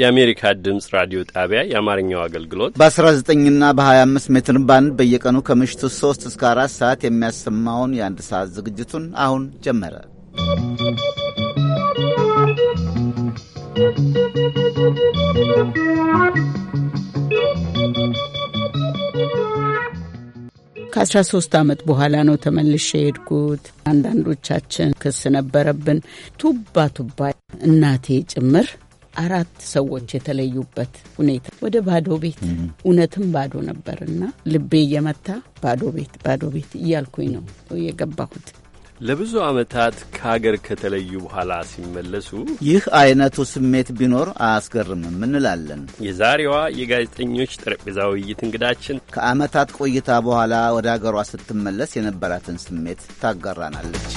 የአሜሪካ ድምፅ ራዲዮ ጣቢያ የአማርኛው አገልግሎት በ19 ና በ25 ሜትር ባንድ በየቀኑ ከምሽቱ 3 እስከ 4 ሰዓት የሚያሰማውን የአንድ ሰዓት ዝግጅቱን አሁን ጀመረ። ከ13 ዓመት በኋላ ነው ተመልሼ የሄድኩት። አንዳንዶቻችን ክስ ነበረብን። ቱባ ቱባ እናቴ ጭምር አራት ሰዎች የተለዩበት ሁኔታ ወደ ባዶ ቤት እውነትም ባዶ ነበርና ልቤ እየመታ ባዶ ቤት ባዶ ቤት እያልኩኝ ነው የገባሁት። ለብዙ ዓመታት ከሀገር ከተለዩ በኋላ ሲመለሱ ይህ አይነቱ ስሜት ቢኖር አያስገርምም እንላለን። የዛሬዋ የጋዜጠኞች ጠረጴዛ ውይይት እንግዳችን ከዓመታት ቆይታ በኋላ ወደ አገሯ ስትመለስ የነበራትን ስሜት ታጋራናለች።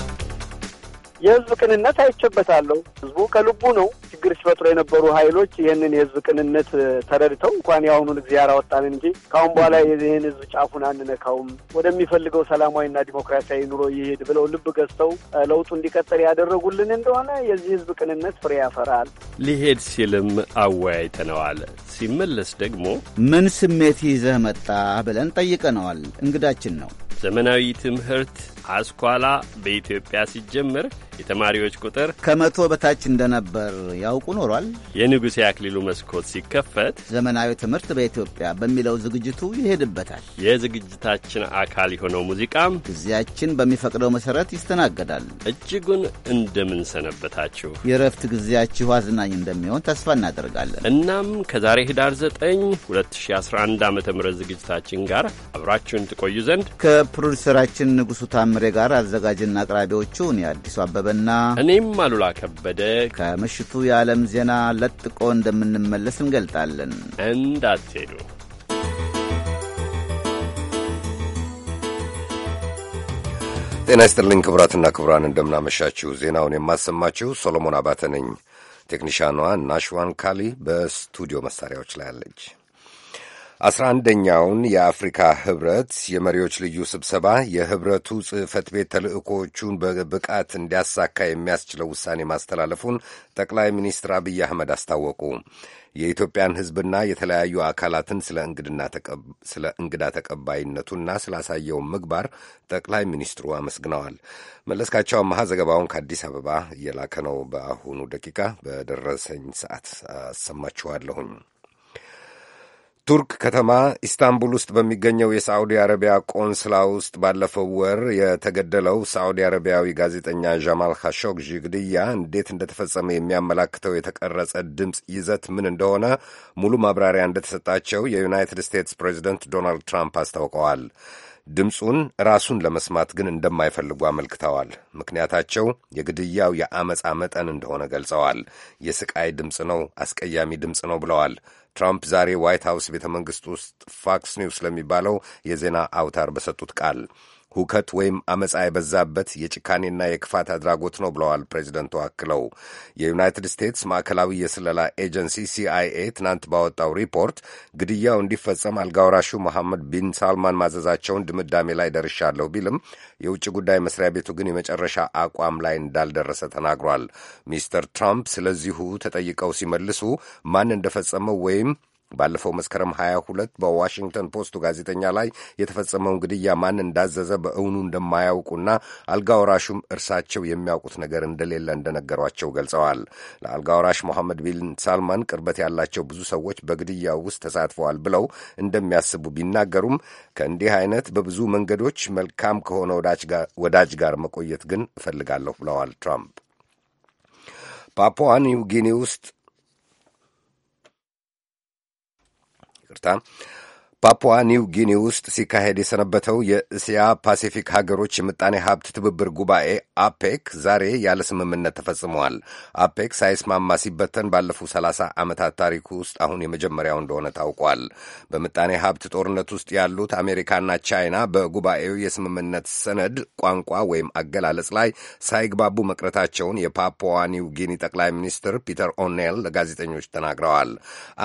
የህዝብ ቅንነት አይቸበታለሁ። ህዝቡ ከልቡ ነው። ችግር ሲፈጥሮ የነበሩ ኃይሎች ይህንን የህዝብ ቅንነት ተረድተው እንኳን የአሁኑን እግዚአብሔር አወጣን እንጂ ከአሁን በኋላ ይህን ህዝብ ጫፉን አንነካውም፣ ወደሚፈልገው ሰላማዊና ዲሞክራሲያዊ ኑሮ ይሄድ ብለው ልብ ገዝተው ለውጡ እንዲቀጠል ያደረጉልን እንደሆነ የዚህ ህዝብ ቅንነት ፍሬ ያፈራል። ሊሄድ ሲልም አወያይተነዋል። ሲመለስ ደግሞ ምን ስሜት ይዘህ መጣ ብለን ጠይቀነዋል። እንግዳችን ነው። ዘመናዊ ትምህርት አስኳላ በኢትዮጵያ ሲጀምር የተማሪዎች ቁጥር ከመቶ በታች እንደነበር ያውቁ ኖሯል? የንጉሴ አክሊሉ መስኮት ሲከፈት ዘመናዊ ትምህርት በኢትዮጵያ በሚለው ዝግጅቱ ይሄድበታል። የዝግጅታችን አካል የሆነው ሙዚቃም ጊዜያችን በሚፈቅደው መሰረት ይስተናገዳል። እጅጉን እንደምንሰነበታችሁ የእረፍት ጊዜያችሁ አዝናኝ እንደሚሆን ተስፋ እናደርጋለን። እናም ከዛሬ ህዳር 9 2011 ዓ ም ዝግጅታችን ጋር አብራችሁን ትቆዩ ዘንድ ከፕሮዲሰራችን ንጉሱ ታምሬ ጋር አዘጋጅና አቅራቢዎቹ እኔ አዲሱ አበበ አበበና እኔም አሉላ ከበደ ከምሽቱ የዓለም ዜና ለጥቆ እንደምንመለስ እንገልጣለን። እንዳትሄዱ። ጤና ይስጥልኝ ክቡራትና ክቡራን፣ እንደምናመሻችሁ። ዜናውን የማሰማችሁ ሶሎሞን አባተ ነኝ። ቴክኒሻኗ ናሽዋን ካሊ በስቱዲዮ መሳሪያዎች ላይ አለች። አስራ አንደኛውን የአፍሪካ ህብረት የመሪዎች ልዩ ስብሰባ የህብረቱ ጽህፈት ቤት ተልእኮዎቹን በብቃት እንዲያሳካ የሚያስችለው ውሳኔ ማስተላለፉን ጠቅላይ ሚኒስትር አብይ አህመድ አስታወቁ። የኢትዮጵያን ህዝብና የተለያዩ አካላትን ስለ እንግዳ ተቀባይነቱና ስላሳየው ምግባር ጠቅላይ ሚኒስትሩ አመስግነዋል። መለስካቸው አመሃ ዘገባውን ከአዲስ አበባ እየላከ ነው። በአሁኑ ደቂቃ በደረሰኝ ሰዓት አሰማችኋለሁኝ። ቱርክ ከተማ ኢስታንቡል ውስጥ በሚገኘው የሳዑዲ አረቢያ ቆንስላ ውስጥ ባለፈው ወር የተገደለው ሳዑዲ አረቢያዊ ጋዜጠኛ ዣማል ካሾግዢ ግድያ እንዴት እንደተፈጸመ የሚያመላክተው የተቀረጸ ድምፅ ይዘት ምን እንደሆነ ሙሉ ማብራሪያ እንደተሰጣቸው የዩናይትድ ስቴትስ ፕሬዚደንት ዶናልድ ትራምፕ አስታውቀዋል። ድምፁን ራሱን ለመስማት ግን እንደማይፈልጉ አመልክተዋል። ምክንያታቸው የግድያው የአመፃ መጠን እንደሆነ ገልጸዋል። የስቃይ ድምፅ ነው፣ አስቀያሚ ድምፅ ነው ብለዋል። ትራምፕ ዛሬ ዋይት ሀውስ ቤተ መንግሥት ውስጥ ፋክስ ኒውስ ለሚባለው የዜና አውታር በሰጡት ቃል ሁከት ወይም አመፃ የበዛበት የጭካኔና የክፋት አድራጎት ነው ብለዋል ፕሬዚደንቱ አክለው። የዩናይትድ ስቴትስ ማዕከላዊ የስለላ ኤጀንሲ ሲአይኤ ትናንት ባወጣው ሪፖርት ግድያው እንዲፈጸም አልጋወራሹ መሐመድ ቢን ሳልማን ማዘዛቸውን ድምዳሜ ላይ ደርሻለሁ ቢልም የውጭ ጉዳይ መስሪያ ቤቱ ግን የመጨረሻ አቋም ላይ እንዳልደረሰ ተናግሯል። ሚስተር ትራምፕ ስለዚሁ ተጠይቀው ሲመልሱ ማን እንደፈጸመው ወይም ባለፈው መስከረም 22 በዋሽንግተን ፖስቱ ጋዜጠኛ ላይ የተፈጸመውን ግድያ ማን እንዳዘዘ በእውኑ እንደማያውቁና አልጋወራሹም እርሳቸው የሚያውቁት ነገር እንደሌለ እንደነገሯቸው ገልጸዋል። ለአልጋ ወራሽ ሞሐመድ ቢን ሳልማን ቅርበት ያላቸው ብዙ ሰዎች በግድያው ውስጥ ተሳትፈዋል ብለው እንደሚያስቡ ቢናገሩም ከእንዲህ አይነት በብዙ መንገዶች መልካም ከሆነ ወዳጅ ጋር መቆየት ግን እፈልጋለሁ ብለዋል ትራምፕ ፓፑዋ ኒው ጊኒ ውስጥ ይቅርታ ፓፑዋ ኒው ጊኒ ውስጥ ሲካሄድ የሰነበተው የእስያ ፓሲፊክ ሀገሮች የምጣኔ ሀብት ትብብር ጉባኤ አፔክ ዛሬ ያለ ስምምነት ተፈጽመዋል። አፔክ ሳይስማማ ሲበተን ባለፉት ሰላሳ ዓመታት ታሪክ ውስጥ አሁን የመጀመሪያው እንደሆነ ታውቋል። በምጣኔ ሀብት ጦርነት ውስጥ ያሉት አሜሪካና ቻይና በጉባኤው የስምምነት ሰነድ ቋንቋ ወይም አገላለጽ ላይ ሳይግባቡ መቅረታቸውን የፓፑዋ ኒው ጊኒ ጠቅላይ ሚኒስትር ፒተር ኦኔል ለጋዜጠኞች ተናግረዋል።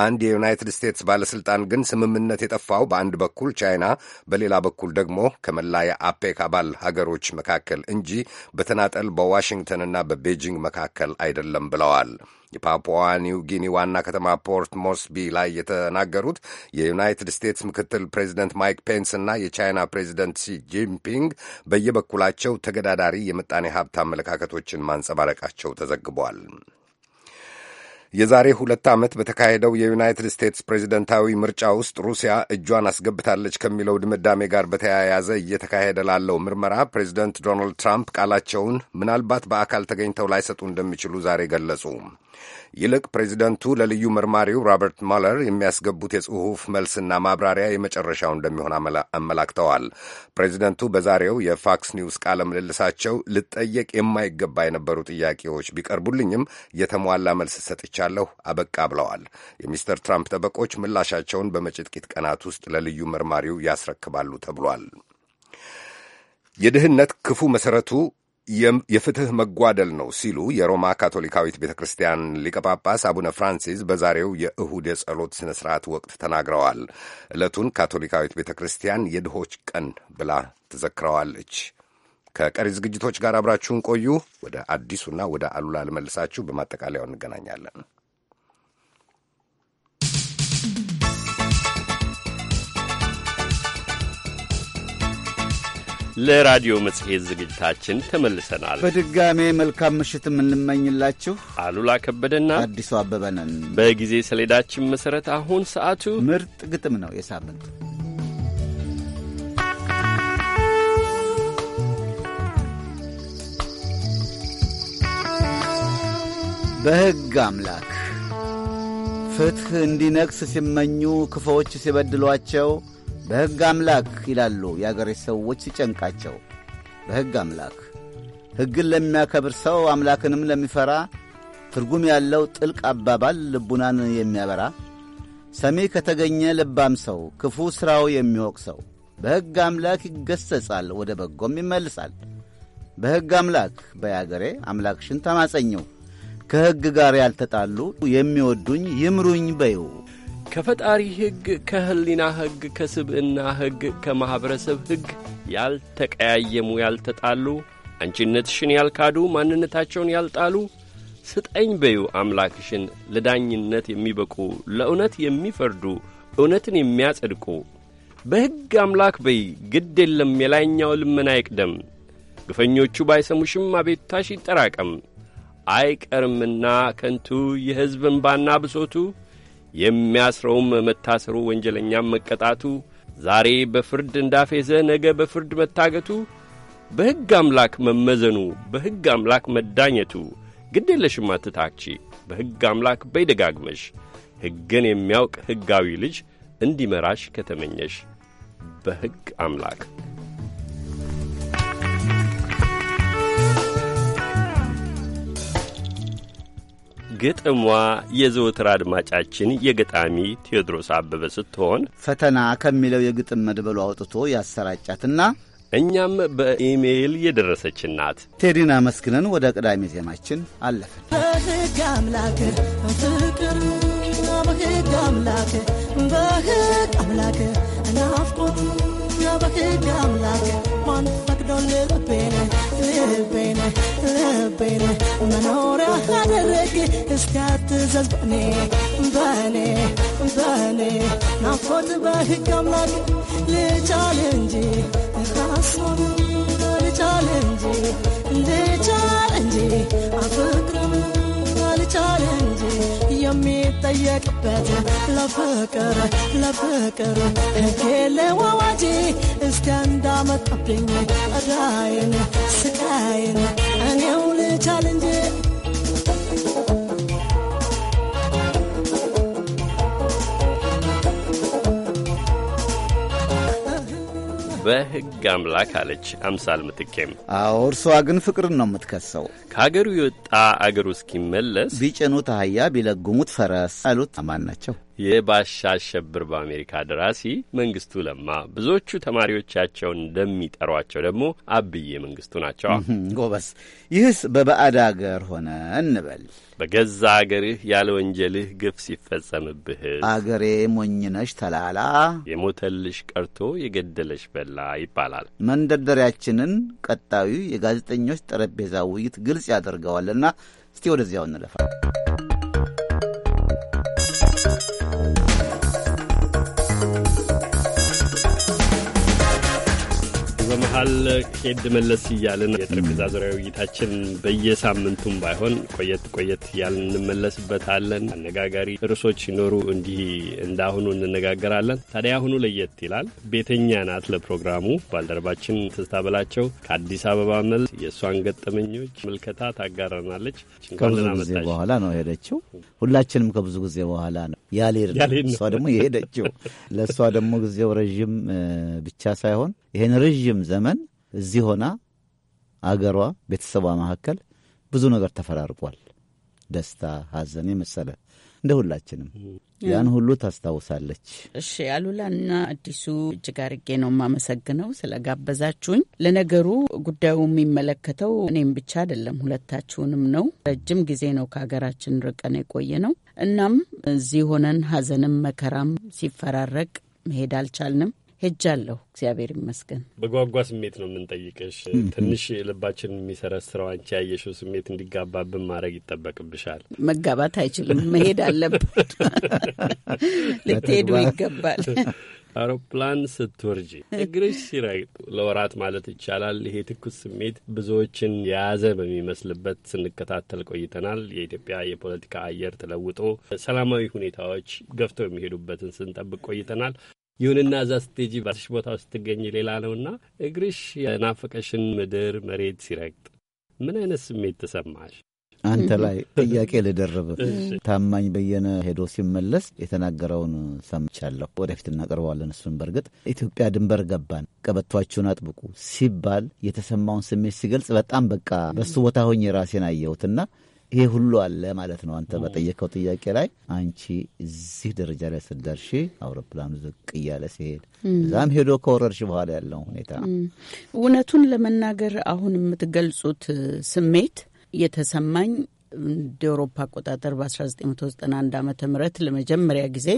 አንድ የዩናይትድ ስቴትስ ባለስልጣን ግን ስምምነት የጠፋው በአንድ በኩል ቻይና፣ በሌላ በኩል ደግሞ ከመላ የአፔክ አባል ሀገሮች መካከል እንጂ በተናጠል በዋሽንግተንና በቤጂንግ መካከል አይደለም ብለዋል። የፓፑዋ ኒው ጊኒ ዋና ከተማ ፖርት ሞስቢ ላይ የተናገሩት የዩናይትድ ስቴትስ ምክትል ፕሬዚደንት ማይክ ፔንስ እና የቻይና ፕሬዚደንት ሲ ጂንፒንግ በየበኩላቸው ተገዳዳሪ የምጣኔ ሀብት አመለካከቶችን ማንጸባረቃቸው ተዘግቧል። የዛሬ ሁለት ዓመት በተካሄደው የዩናይትድ ስቴትስ ፕሬዚደንታዊ ምርጫ ውስጥ ሩሲያ እጇን አስገብታለች ከሚለው ድምዳሜ ጋር በተያያዘ እየተካሄደ ላለው ምርመራ ፕሬዚደንት ዶናልድ ትራምፕ ቃላቸውን ምናልባት በአካል ተገኝተው ላይሰጡ እንደሚችሉ ዛሬ ገለጹ። ይልቅ ፕሬዚደንቱ ለልዩ መርማሪው ሮበርት ማለር የሚያስገቡት የጽሑፍ መልስና ማብራሪያ የመጨረሻው እንደሚሆን አመላክተዋል። ፕሬዚደንቱ በዛሬው የፋክስ ኒውስ ቃለ ምልልሳቸው ልጠየቅ የማይገባ የነበሩ ጥያቄዎች ቢቀርቡልኝም የተሟላ መልስ ሰጥቻለሁ፣ አበቃ ብለዋል። የሚስተር ትራምፕ ጠበቆች ምላሻቸውን በመጪ ጥቂት ቀናት ውስጥ ለልዩ መርማሪው ያስረክባሉ ተብሏል። የድህነት ክፉ መሠረቱ የፍትህ መጓደል ነው ሲሉ የሮማ ካቶሊካዊት ቤተ ክርስቲያን ሊቀ ጳጳስ አቡነ ፍራንሲስ በዛሬው የእሁድ የጸሎት ሥነ ሥርዓት ወቅት ተናግረዋል። ዕለቱን ካቶሊካዊት ቤተ ክርስቲያን የድሆች ቀን ብላ ትዘክረዋለች። ከቀሪ ዝግጅቶች ጋር አብራችሁን ቆዩ። ወደ አዲሱና ወደ አሉላ ልመልሳችሁ። በማጠቃለያው እንገናኛለን። ለራዲዮ መጽሔት ዝግጅታችን ተመልሰናል። በድጋሜ መልካም ምሽት የምንመኝላችሁ አሉላ ከበደና አዲሱ አበበ ነን። በጊዜ ሰሌዳችን መሠረት አሁን ሰዓቱ ምርጥ ግጥም ነው። የሳምንቱ በሕግ አምላክ ፍትሕ እንዲነግስ ሲመኙ ክፉዎች ሲበድሏቸው በሕግ አምላክ ይላሉ የአገሬ ሰዎች ሲጨንቃቸው። በሕግ አምላክ ሕግን ለሚያከብር ሰው አምላክንም ለሚፈራ ትርጉም ያለው ጥልቅ አባባል ልቡናን የሚያበራ ሰሚ ከተገኘ ልባም ሰው ክፉ ሥራው የሚወቅ ሰው በሕግ አምላክ ይገሰጻል፣ ወደ በጎም ይመልሳል። በሕግ አምላክ በያገሬ አምላክሽን ተማጸኘው ከሕግ ጋር ያልተጣሉ የሚወዱኝ ይምሩኝ በይው ከፈጣሪ ሕግ፣ ከህሊና ሕግ፣ ከስብዕና ሕግ፣ ከማኅበረሰብ ሕግ ያልተቀያየሙ ያልተጣሉ፣ አንቺነትሽን ያልካዱ፣ ማንነታቸውን ያልጣሉ ስጠኝ በዩ አምላክሽን ለዳኝነት የሚበቁ ለእውነት የሚፈርዱ እውነትን የሚያጸድቁ በሕግ አምላክ በይ ግድ የለም የላይኛው ልመና አይቅደም። ግፈኞቹ ባይሰሙሽም አቤቱታሽ ይጠራቀም አይቀርምና ከንቱ የሕዝብ እንባና ብሶቱ የሚያስረውም መታሰሩ፣ ወንጀለኛም መቀጣቱ፣ ዛሬ በፍርድ እንዳፌዘ ነገ በፍርድ መታገቱ፣ በሕግ አምላክ መመዘኑ፣ በሕግ አምላክ መዳኘቱ፣ ግድ የለሽም አትታክቺ፣ በሕግ አምላክ በይደጋግመሽ ሕግን የሚያውቅ ሕጋዊ ልጅ እንዲመራሽ ከተመኘሽ በሕግ አምላክ ግጥሟ የዘወትር አድማጫችን የገጣሚ ቴዎድሮስ አበበ ስትሆን ፈተና ከሚለው የግጥም መድበሉ አውጥቶ ያሰራጫትና እኛም በኢሜይል የደረሰች ናት። ቴዲን አመስግነን ወደ ቀዳሚ ዜማችን አለፍን። በሕግ አምላክ ፍቅር በሕግ አምላክ በሕግ አምላክ ናፍቆት በሕግ አምላክ ማን ፈቅዶልብን ልቤን ልቤን መኖሪያ አደረግ እስካትዘዝ በኔ በኔ የምጠየቅበት ለፍቅር ለፍቅር ሕጌለ ዋዋጂ እስቲ እንዳመጣብኝ እዳይን ስቃይን እኔው ልቻል እንጂ በሕግ አምላክ አለች አምሳል ምትኬም። አዎ እርሷ ግን ፍቅርን ነው የምትከሰው። ከአገሩ የወጣ አገሩ እስኪመለስ ቢጭኑት አህያ ቢለጉሙት ፈረስ አሉት። አማን ናቸው። የባሻ አሸብር በአሜሪካ ደራሲ መንግስቱ ለማ ብዙዎቹ ተማሪዎቻቸውን እንደሚጠሯቸው ደግሞ አብዬ መንግስቱ ናቸው። ጎበስ። ይህስ በባዕድ አገር ሆነ እንበል በገዛ አገርህ ያለ ወንጀልህ ግፍ ሲፈጸምብህ አገሬ ሞኝነሽ ተላላ የሞተልሽ ቀርቶ የገደለሽ በላ ይባላል። መንደርደሪያችንን ቀጣዩ የጋዜጠኞች ጠረጴዛ ውይይት ግልጽ ያደርገዋልና እስቲ ወደዚያው እንለፋል። በመሀል ሄድ መለስ እያልን የጠረጴዛ ዙሪያ ውይይታችን በየሳምንቱም ባይሆን ቆየት ቆየት እያልን እንመለስበታለን። አነጋጋሪ ርዕሶች ሲኖሩ እንዲህ እንዳሁኑ እንነጋገራለን። ታዲያ አሁኑ ለየት ይላል። ቤተኛ ናት ለፕሮግራሙ ባልደረባችን ትዝታ በላቸው ከአዲስ አበባ መልስ የእሷን ገጠመኞች ምልከታ ታጋራናለች። ከብዙ ጊዜ በኋላ ነው የሄደችው። ሁላችንም ከብዙ ጊዜ በኋላ ነው ያሌር ነው እሷ ደግሞ የሄደችው። ለእሷ ደግሞ ጊዜው ረዥም ብቻ ሳይሆን ይህን ረዥም ዘመን እዚህ ሆና አገሯ፣ ቤተሰቧ መካከል ብዙ ነገር ተፈራርቋል። ደስታ፣ ሀዘን የመሰለ እንደ ሁላችንም ያን ሁሉ ታስታውሳለች። እሺ አሉላና አዲሱ እጅግ አርጌ ነው የማመሰግነው ስለጋበዛችሁኝ። ለነገሩ ጉዳዩ የሚመለከተው እኔም ብቻ አይደለም ሁለታችሁንም ነው። ረጅም ጊዜ ነው ከሀገራችን ርቀን የቆየ ነው። እናም እዚህ ሆነን ሀዘንም መከራም ሲፈራረቅ መሄድ አልቻልንም። ሄጃለሁ። እግዚአብሔር ይመስገን። በጓጓ ስሜት ነው የምንጠይቅሽ። ትንሽ ልባችን የሚሰረስረው አንቺ ያየሽው ስሜት እንዲጋባብን ማድረግ ይጠበቅብሻል። መጋባት አይችልም፣ መሄድ አለበት። ልትሄዱ ይገባል። አውሮፕላን ስትወርጂ እግርሽ ሲረግጥ ለወራት ማለት ይቻላል ይሄ ትኩስ ስሜት ብዙዎችን የያዘ በሚመስልበት ስንከታተል ቆይተናል። የኢትዮጵያ የፖለቲካ አየር ተለውጦ ሰላማዊ ሁኔታዎች ገፍተው የሚሄዱበትን ስንጠብቅ ቆይተናል። ይሁንና እዛ ስቴጂ ባለሽ ቦታው ስትገኝ ሌላ ነውና እግርሽ የናፈቀሽን ምድር መሬት ሲረግጥ ምን አይነት ስሜት ተሰማሽ? አንተ ላይ ጥያቄ ልደርብ። ታማኝ በየነ ሄዶ ሲመለስ የተናገረውን ሰምቻለሁ። ወደፊት እናቀርበዋለን እሱን። በእርግጥ ኢትዮጵያ ድንበር ገባን፣ ቀበቷችሁን አጥብቁ ሲባል የተሰማውን ስሜት ሲገልጽ በጣም በቃ በሱ ቦታ ሆኜ ራሴን አየሁትና ይሄ ሁሉ አለ ማለት ነው። አንተ በጠየቀው ጥያቄ ላይ አንቺ እዚህ ደረጃ ላይ ስትደርሺ አውሮፕላኑ ዝቅ እያለ ሲሄድ እዛም ሄዶ ከወረርሽ በኋላ ያለው ሁኔታ እውነቱን ለመናገር አሁን የምትገልጹት ስሜት የተሰማኝ እንደ ኤሮፓ አቆጣጠር በ1991 ዓ ም ለመጀመሪያ ጊዜ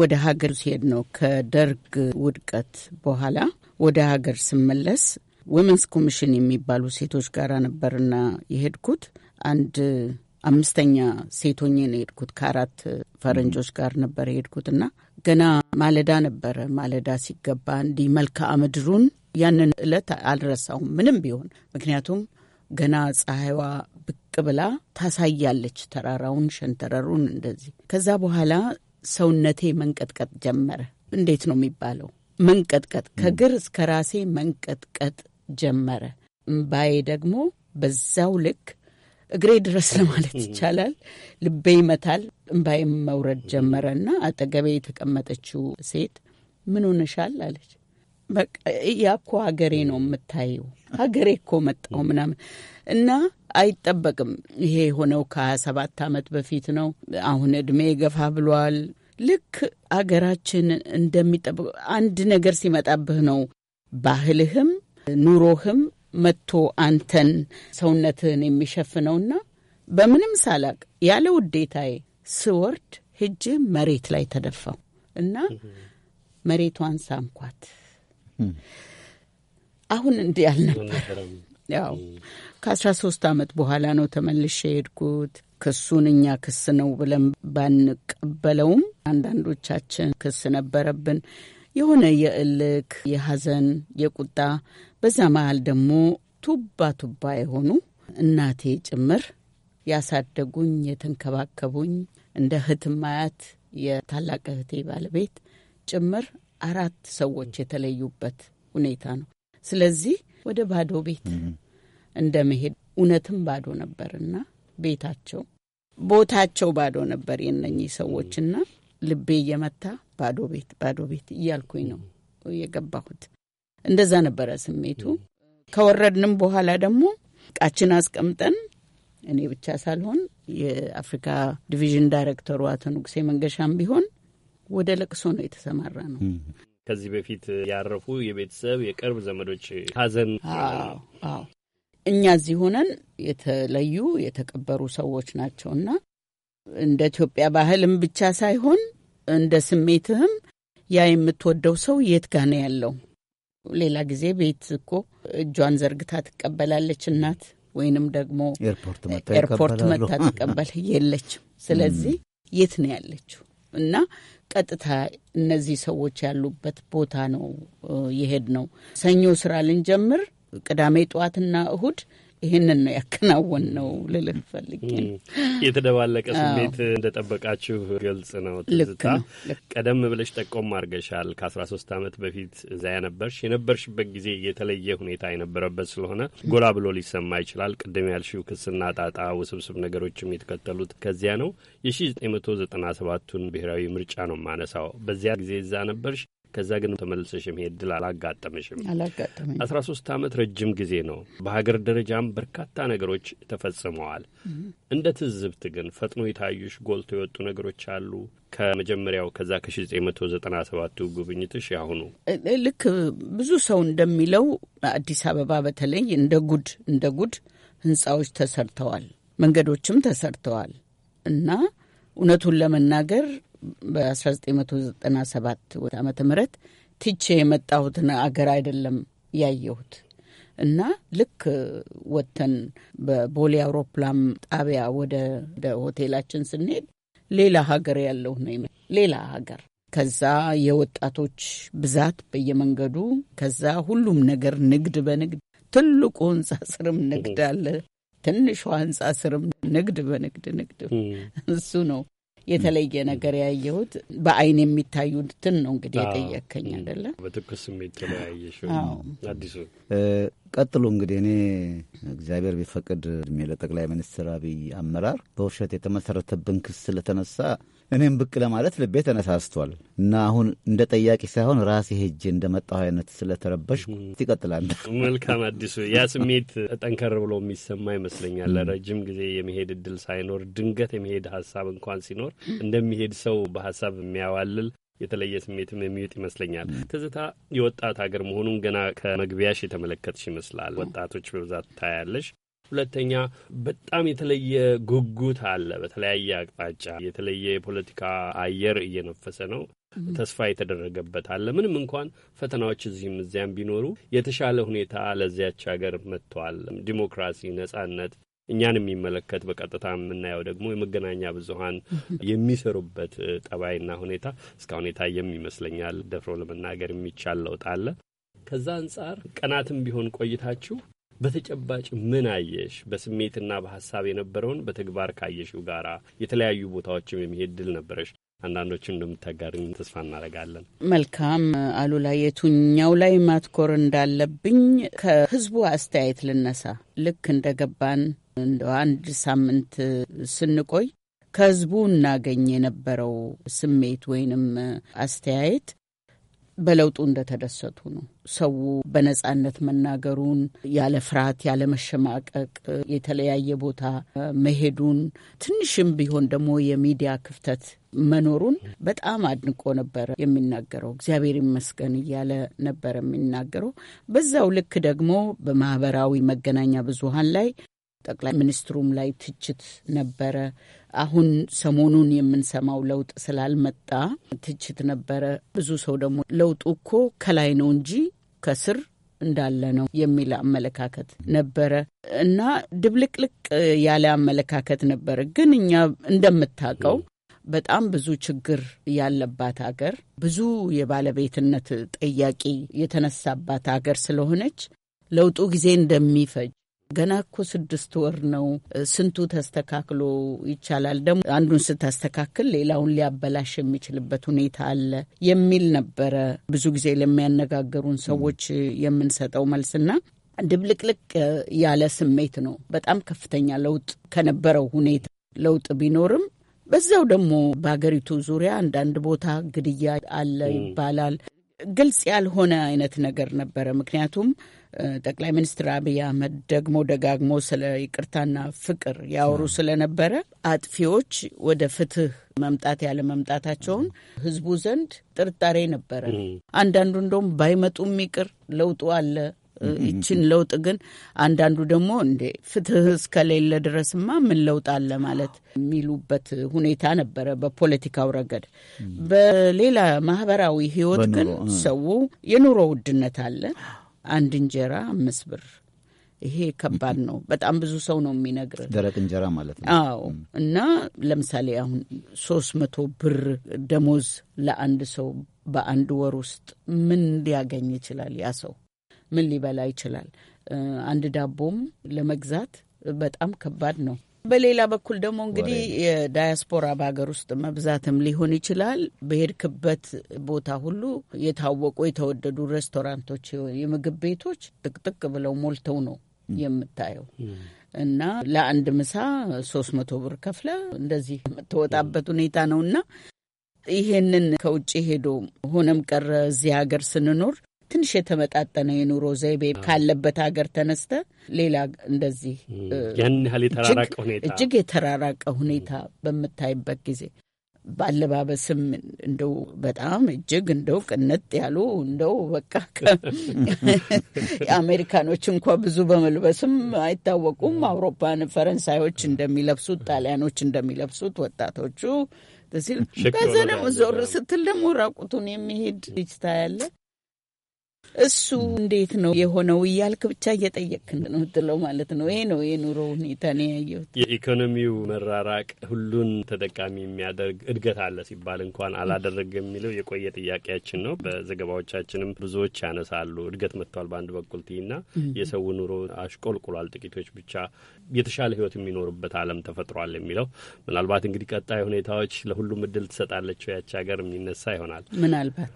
ወደ ሀገር ሲሄድ ነው። ከደርግ ውድቀት በኋላ ወደ ሀገር ስመለስ ወመንስ ኮሚሽን የሚባሉ ሴቶች ጋር ነበርና የሄድኩት አንድ አምስተኛ ሴቶኝ ነው የሄድኩት። ከአራት ፈረንጆች ጋር ነበር የሄድኩት እና ገና ማለዳ ነበረ። ማለዳ ሲገባ እንዲህ መልክዓ ምድሩን ያንን እለት አልረሳውም ምንም ቢሆን ምክንያቱም ገና ፀሐይዋ ብቅ ብላ ታሳያለች ተራራውን፣ ሸንተረሩን እንደዚህ። ከዛ በኋላ ሰውነቴ መንቀጥቀጥ ጀመረ። እንዴት ነው የሚባለው? መንቀጥቀጥ ከግር እስከ ራሴ መንቀጥቀጥ ጀመረ። እምባዬ ደግሞ በዛው ልክ እግሬ ድረስ ለማለት ይቻላል። ልቤ ይመታል፣ እምባይም መውረድ ጀመረና አጠገቤ የተቀመጠችው ሴት ምን ሆነሻል አለች። በቃ ያ እኮ ሀገሬ ነው የምታየው፣ ሀገሬ እኮ መጣው ምናምን እና አይጠበቅም። ይሄ የሆነው ከሀያ ሰባት ዓመት በፊት ነው። አሁን እድሜ ገፋ ብሏል። ልክ አገራችን እንደሚጠብቅ አንድ ነገር ሲመጣብህ ነው ባህልህም ኑሮህም መጥቶ አንተን ሰውነትህን የሚሸፍነውና በምንም ሳላቅ ያለ ውዴታዬ ስወርድ ሄጄ መሬት ላይ ተደፋው እና መሬቷን ሳምኳት። አሁን እንዲህ አልነበር። ያው ከአስራ ሶስት አመት በኋላ ነው ተመልሼ የሄድኩት። ክሱን እኛ ክስ ነው ብለን ባንቀበለውም አንዳንዶቻችን ክስ ነበረብን። የሆነ የእልክ የሀዘን የቁጣ በዛ መሀል ደግሞ ቱባ ቱባ የሆኑ እናቴ ጭምር ያሳደጉኝ የተንከባከቡኝ እንደ እህትም አያት የታላቅ እህቴ ባለቤት ጭምር አራት ሰዎች የተለዩበት ሁኔታ ነው። ስለዚህ ወደ ባዶ ቤት እንደ መሄድ እውነትም ባዶ ነበርና ቤታቸው ቦታቸው ባዶ ነበር የነኚህ ሰዎችና ልቤ እየመታ ባዶ ቤት ባዶ ቤት እያልኩኝ ነው የገባሁት። እንደዛ ነበረ ስሜቱ። ከወረድንም በኋላ ደግሞ እቃችን አስቀምጠን እኔ ብቻ ሳልሆን የአፍሪካ ዲቪዥን ዳይሬክተሩ አቶ ንጉሴ መንገሻም ቢሆን ወደ ለቅሶ ነው የተሰማራ ነው። ከዚህ በፊት ያረፉ የቤተሰብ የቅርብ ዘመዶች ሀዘን። አዎ እኛ እዚህ ሆነን የተለዩ የተቀበሩ ሰዎች ናቸውና እንደ ኢትዮጵያ ባህልም ብቻ ሳይሆን እንደ ስሜትህም ያ የምትወደው ሰው የት ጋ ነው ያለው ሌላ ጊዜ ቤት እኮ እጇን ዘርግታ ትቀበላለች እናት ወይንም ደግሞ ኤርፖርት መታ ትቀበል የለችም። ስለዚህ የት ነው ያለችው? እና ቀጥታ እነዚህ ሰዎች ያሉበት ቦታ ነው የሄድ ነው። ሰኞ ስራ ልንጀምር ቅዳሜ ጠዋትና እሁድ ይህንን ነው ያከናወን ነው ልልህ ፈልጌ ነው። የተደባለቀ ስሜት እንደጠበቃችሁ ግልጽ ነው። ትዝታ ቀደም ብለሽ ጠቆም አድርገሻል። ከአስራ ሶስት ዓመት በፊት እዛ የነበርሽ የነበርሽበት ጊዜ የተለየ ሁኔታ የነበረበት ስለሆነ ጎላ ብሎ ሊሰማ ይችላል። ቅድም ያልሽው ክስና ጣጣ ውስብስብ ነገሮችም የተከተሉት ከዚያ ነው። የሺ ዘጠኝ መቶ ዘጠና ሰባቱን ብሔራዊ ምርጫ ነው ማነሳው። በዚያ ጊዜ እዛ ነበርሽ። ከዛ ግን ተመልሰሽ የመሄድ ድል አላጋጠመሽም። አላጋጠመ አስራ ሶስት ዓመት ረጅም ጊዜ ነው። በሀገር ደረጃም በርካታ ነገሮች ተፈጽመዋል። እንደ ትዝብት ግን ፈጥኖ የታዩሽ ጎልቶ የወጡ ነገሮች አሉ ከመጀመሪያው ከዛ ከ ዘጠና ሰባቱ ጉብኝትሽ ያሁኑ ልክ ብዙ ሰው እንደሚለው አዲስ አበባ በተለይ እንደ ጉድ እንደ ጉድ ህንፃዎች ተሰርተዋል፣ መንገዶችም ተሰርተዋል እና እውነቱን ለመናገር በ1997 ዓ ምህረት ትቼ የመጣሁትን አገር አይደለም ያየሁት እና ልክ ወጥተን በቦሌ አውሮፕላን ጣቢያ ወደ ሆቴላችን ስንሄድ ሌላ ሀገር ያለሁ ነው። ሌላ ሀገር ከዛ የወጣቶች ብዛት በየመንገዱ ከዛ ሁሉም ነገር ንግድ በንግድ ትልቁ ህንፃ ስርም ንግድ አለ። ትንሿ ህንፃ ስርም ንግድ በንግድ ንግድ እሱ ነው የተለየ ነገር ያየሁት በአይን የሚታዩትን ነው። እንግዲህ የጠየከኝ አይደለ? በትኩስ ስሜት ተለያየሽ። አዲሱ ቀጥሎ እንግዲህ እኔ እግዚአብሔር ቢፈቅድ እድሜ ለጠቅላይ ሚኒስትር አብይ አመራር በውሸት የተመሰረተብን ክስ ስለተነሳ እኔም ብቅ ለማለት ልቤ ተነሳስቷል እና አሁን እንደ ጠያቂ ሳይሆን ራሴ እንደ መጣሁ አይነት ስለተረበሽ ይቀጥላል። መልካም አዲሱ፣ ያ ስሜት ጠንከር ብሎ የሚሰማ ይመስለኛል። ረጅም ጊዜ የመሄድ እድል ሳይኖር ድንገት የመሄድ ሀሳብ እንኳን ሲኖር እንደሚሄድ ሰው በሀሳብ የሚያዋልል የተለየ ስሜትም የሚውጥ ይመስለኛል። ትዝታ የወጣት ሀገር መሆኑን ገና ከመግቢያሽ የተመለከትሽ ይመስላል። ወጣቶች በብዛት ታያለሽ። ሁለተኛ በጣም የተለየ ጉጉት አለ። በተለያየ አቅጣጫ የተለየ የፖለቲካ አየር እየነፈሰ ነው። ተስፋ የተደረገበት አለ። ምንም እንኳን ፈተናዎች እዚህም እዚያም ቢኖሩ የተሻለ ሁኔታ ለዚያች ሀገር መጥተዋል። ዲሞክራሲ፣ ነጻነት እኛን የሚመለከት በቀጥታ የምናየው ደግሞ የመገናኛ ብዙኃን የሚሰሩበት ጠባይና ሁኔታ እስካሁን የታየም ይመስለኛል። ደፍሮ ለመናገር የሚቻል ለውጥ አለ። ከዛ አንጻር ቀናትም ቢሆን ቆይታችሁ በተጨባጭ ምን አየሽ? በስሜትና በሀሳብ የነበረውን በተግባር ካየሽው ጋራ የተለያዩ ቦታዎችም የሚሄድ ድል ነበረሽ። አንዳንዶችን እንደምታጋርኝ ተስፋ እናደርጋለን። መልካም አሉላ፣ የቱኛው ላይ ማትኮር እንዳለብኝ ከህዝቡ አስተያየት ልነሳ። ልክ እንደገባን እንደ አንድ ሳምንት ስንቆይ ከህዝቡ እናገኝ የነበረው ስሜት ወይንም አስተያየት በለውጡ እንደተደሰቱ ነው። ሰው በነጻነት መናገሩን ያለ ፍርሃት ያለ መሸማቀቅ የተለያየ ቦታ መሄዱን ትንሽም ቢሆን ደግሞ የሚዲያ ክፍተት መኖሩን በጣም አድንቆ ነበረ የሚናገረው። እግዚአብሔር ይመስገን እያለ ነበረ የሚናገረው። በዛው ልክ ደግሞ በማህበራዊ መገናኛ ብዙሃን ላይ ጠቅላይ ሚኒስትሩም ላይ ትችት ነበረ። አሁን ሰሞኑን የምንሰማው ለውጥ ስላልመጣ ትችት ነበረ። ብዙ ሰው ደግሞ ለውጡ እኮ ከላይ ነው እንጂ ከስር እንዳለ ነው የሚል አመለካከት ነበረ እና ድብልቅልቅ ያለ አመለካከት ነበረ። ግን እኛ እንደምታውቀው በጣም ብዙ ችግር ያለባት አገር፣ ብዙ የባለቤትነት ጥያቄ የተነሳባት አገር ስለሆነች ለውጡ ጊዜ እንደሚፈጅ ገና እኮ ስድስት ወር ነው፣ ስንቱ ተስተካክሎ ይቻላል፣ ደግሞ አንዱን ስታስተካክል ሌላውን ሊያበላሽ የሚችልበት ሁኔታ አለ የሚል ነበረ ብዙ ጊዜ ለሚያነጋገሩን ሰዎች የምንሰጠው መልስና ድብልቅልቅ ያለ ስሜት ነው። በጣም ከፍተኛ ለውጥ ከነበረው ሁኔታ ለውጥ ቢኖርም በዛው ደግሞ በሀገሪቱ ዙሪያ አንዳንድ ቦታ ግድያ አለ ይባላል። ግልጽ ያልሆነ አይነት ነገር ነበረ። ምክንያቱም ጠቅላይ ሚኒስትር አብይ አህመድ ደግሞ ደጋግሞ ስለ ይቅርታና ፍቅር ያወሩ ስለነበረ አጥፊዎች ወደ ፍትህ መምጣት ያለ መምጣታቸውን ህዝቡ ዘንድ ጥርጣሬ ነበረ። አንዳንዱ እንደውም ባይመጡም ይቅር ለውጡ አለ ይችን ለውጥ ግን አንዳንዱ ደግሞ እንዴ ፍትህ እስከሌለ ድረስማ ምን ለውጥ አለ ማለት የሚሉበት ሁኔታ ነበረ፣ በፖለቲካው ረገድ። በሌላ ማህበራዊ ህይወት ግን ሰው የኑሮ ውድነት አለ፣ አንድ እንጀራ አምስት ብር። ይሄ ከባድ ነው። በጣም ብዙ ሰው ነው የሚነግር ደረቅ እንጀራ ማለት ነው። አዎ። እና ለምሳሌ አሁን ሶስት መቶ ብር ደሞዝ ለአንድ ሰው በአንድ ወር ውስጥ ምን ሊያገኝ ይችላል? ያ ሰው ምን ሊበላ ይችላል? አንድ ዳቦም ለመግዛት በጣም ከባድ ነው። በሌላ በኩል ደግሞ እንግዲህ የዳያስፖራ በሀገር ውስጥ መብዛትም ሊሆን ይችላል። በሄድክበት ቦታ ሁሉ የታወቁ የተወደዱ ሬስቶራንቶች፣ የምግብ ቤቶች ጥቅጥቅ ብለው ሞልተው ነው የምታየው እና ለአንድ ምሳ ሶስት መቶ ብር ከፍለ እንደዚህ የምትወጣበት ሁኔታ ነው እና ይሄንን ከውጭ ሄዶ ሆነም ቀረ እዚህ ሀገር ስንኖር ትንሽ የተመጣጠነ የኑሮ ዘይቤ ካለበት ሀገር ተነስተ ሌላ እንደዚህ ያን ያህል የተራራቀ ሁኔታ እጅግ የተራራቀ ሁኔታ በምታይበት ጊዜ ባለባበስም እንደው በጣም እጅግ እንደው ቅንጥ ያሉ እንደው በቃ የአሜሪካኖች እንኳ ብዙ በመልበስም አይታወቁም። አውሮፓን፣ ፈረንሳዮች እንደሚለብሱት፣ ጣሊያኖች እንደሚለብሱት ወጣቶቹ ሲል በዛ ዞር ስትል ደግሞ ራቁቱን የሚሄድ ልጅታ ያለ እሱ እንዴት ነው የሆነው እያልክ ብቻ እየጠየቅ ነው ትለው ማለት ነው። ይሄ ነው የኑሮ ሁኔታ ነው ያየሁት። የኢኮኖሚው መራራቅ ሁሉን ተጠቃሚ የሚያደርግ እድገት አለ ሲባል እንኳን አላደረገ የሚለው የቆየ ጥያቄያችን ነው። በዘገባዎቻችንም ብዙዎች ያነሳሉ። እድገት መጥቷል በአንድ በኩል ትይና የሰው ኑሮ አሽቆልቁሏል፣ ጥቂቶች ብቻ የተሻለ ህይወት የሚኖሩበት አለም ተፈጥሯል የሚለው ምናልባት እንግዲህ ቀጣይ ሁኔታዎች ለሁሉም እድል ትሰጣለችው ያች ሀገር የሚነሳ ይሆናል ምናልባት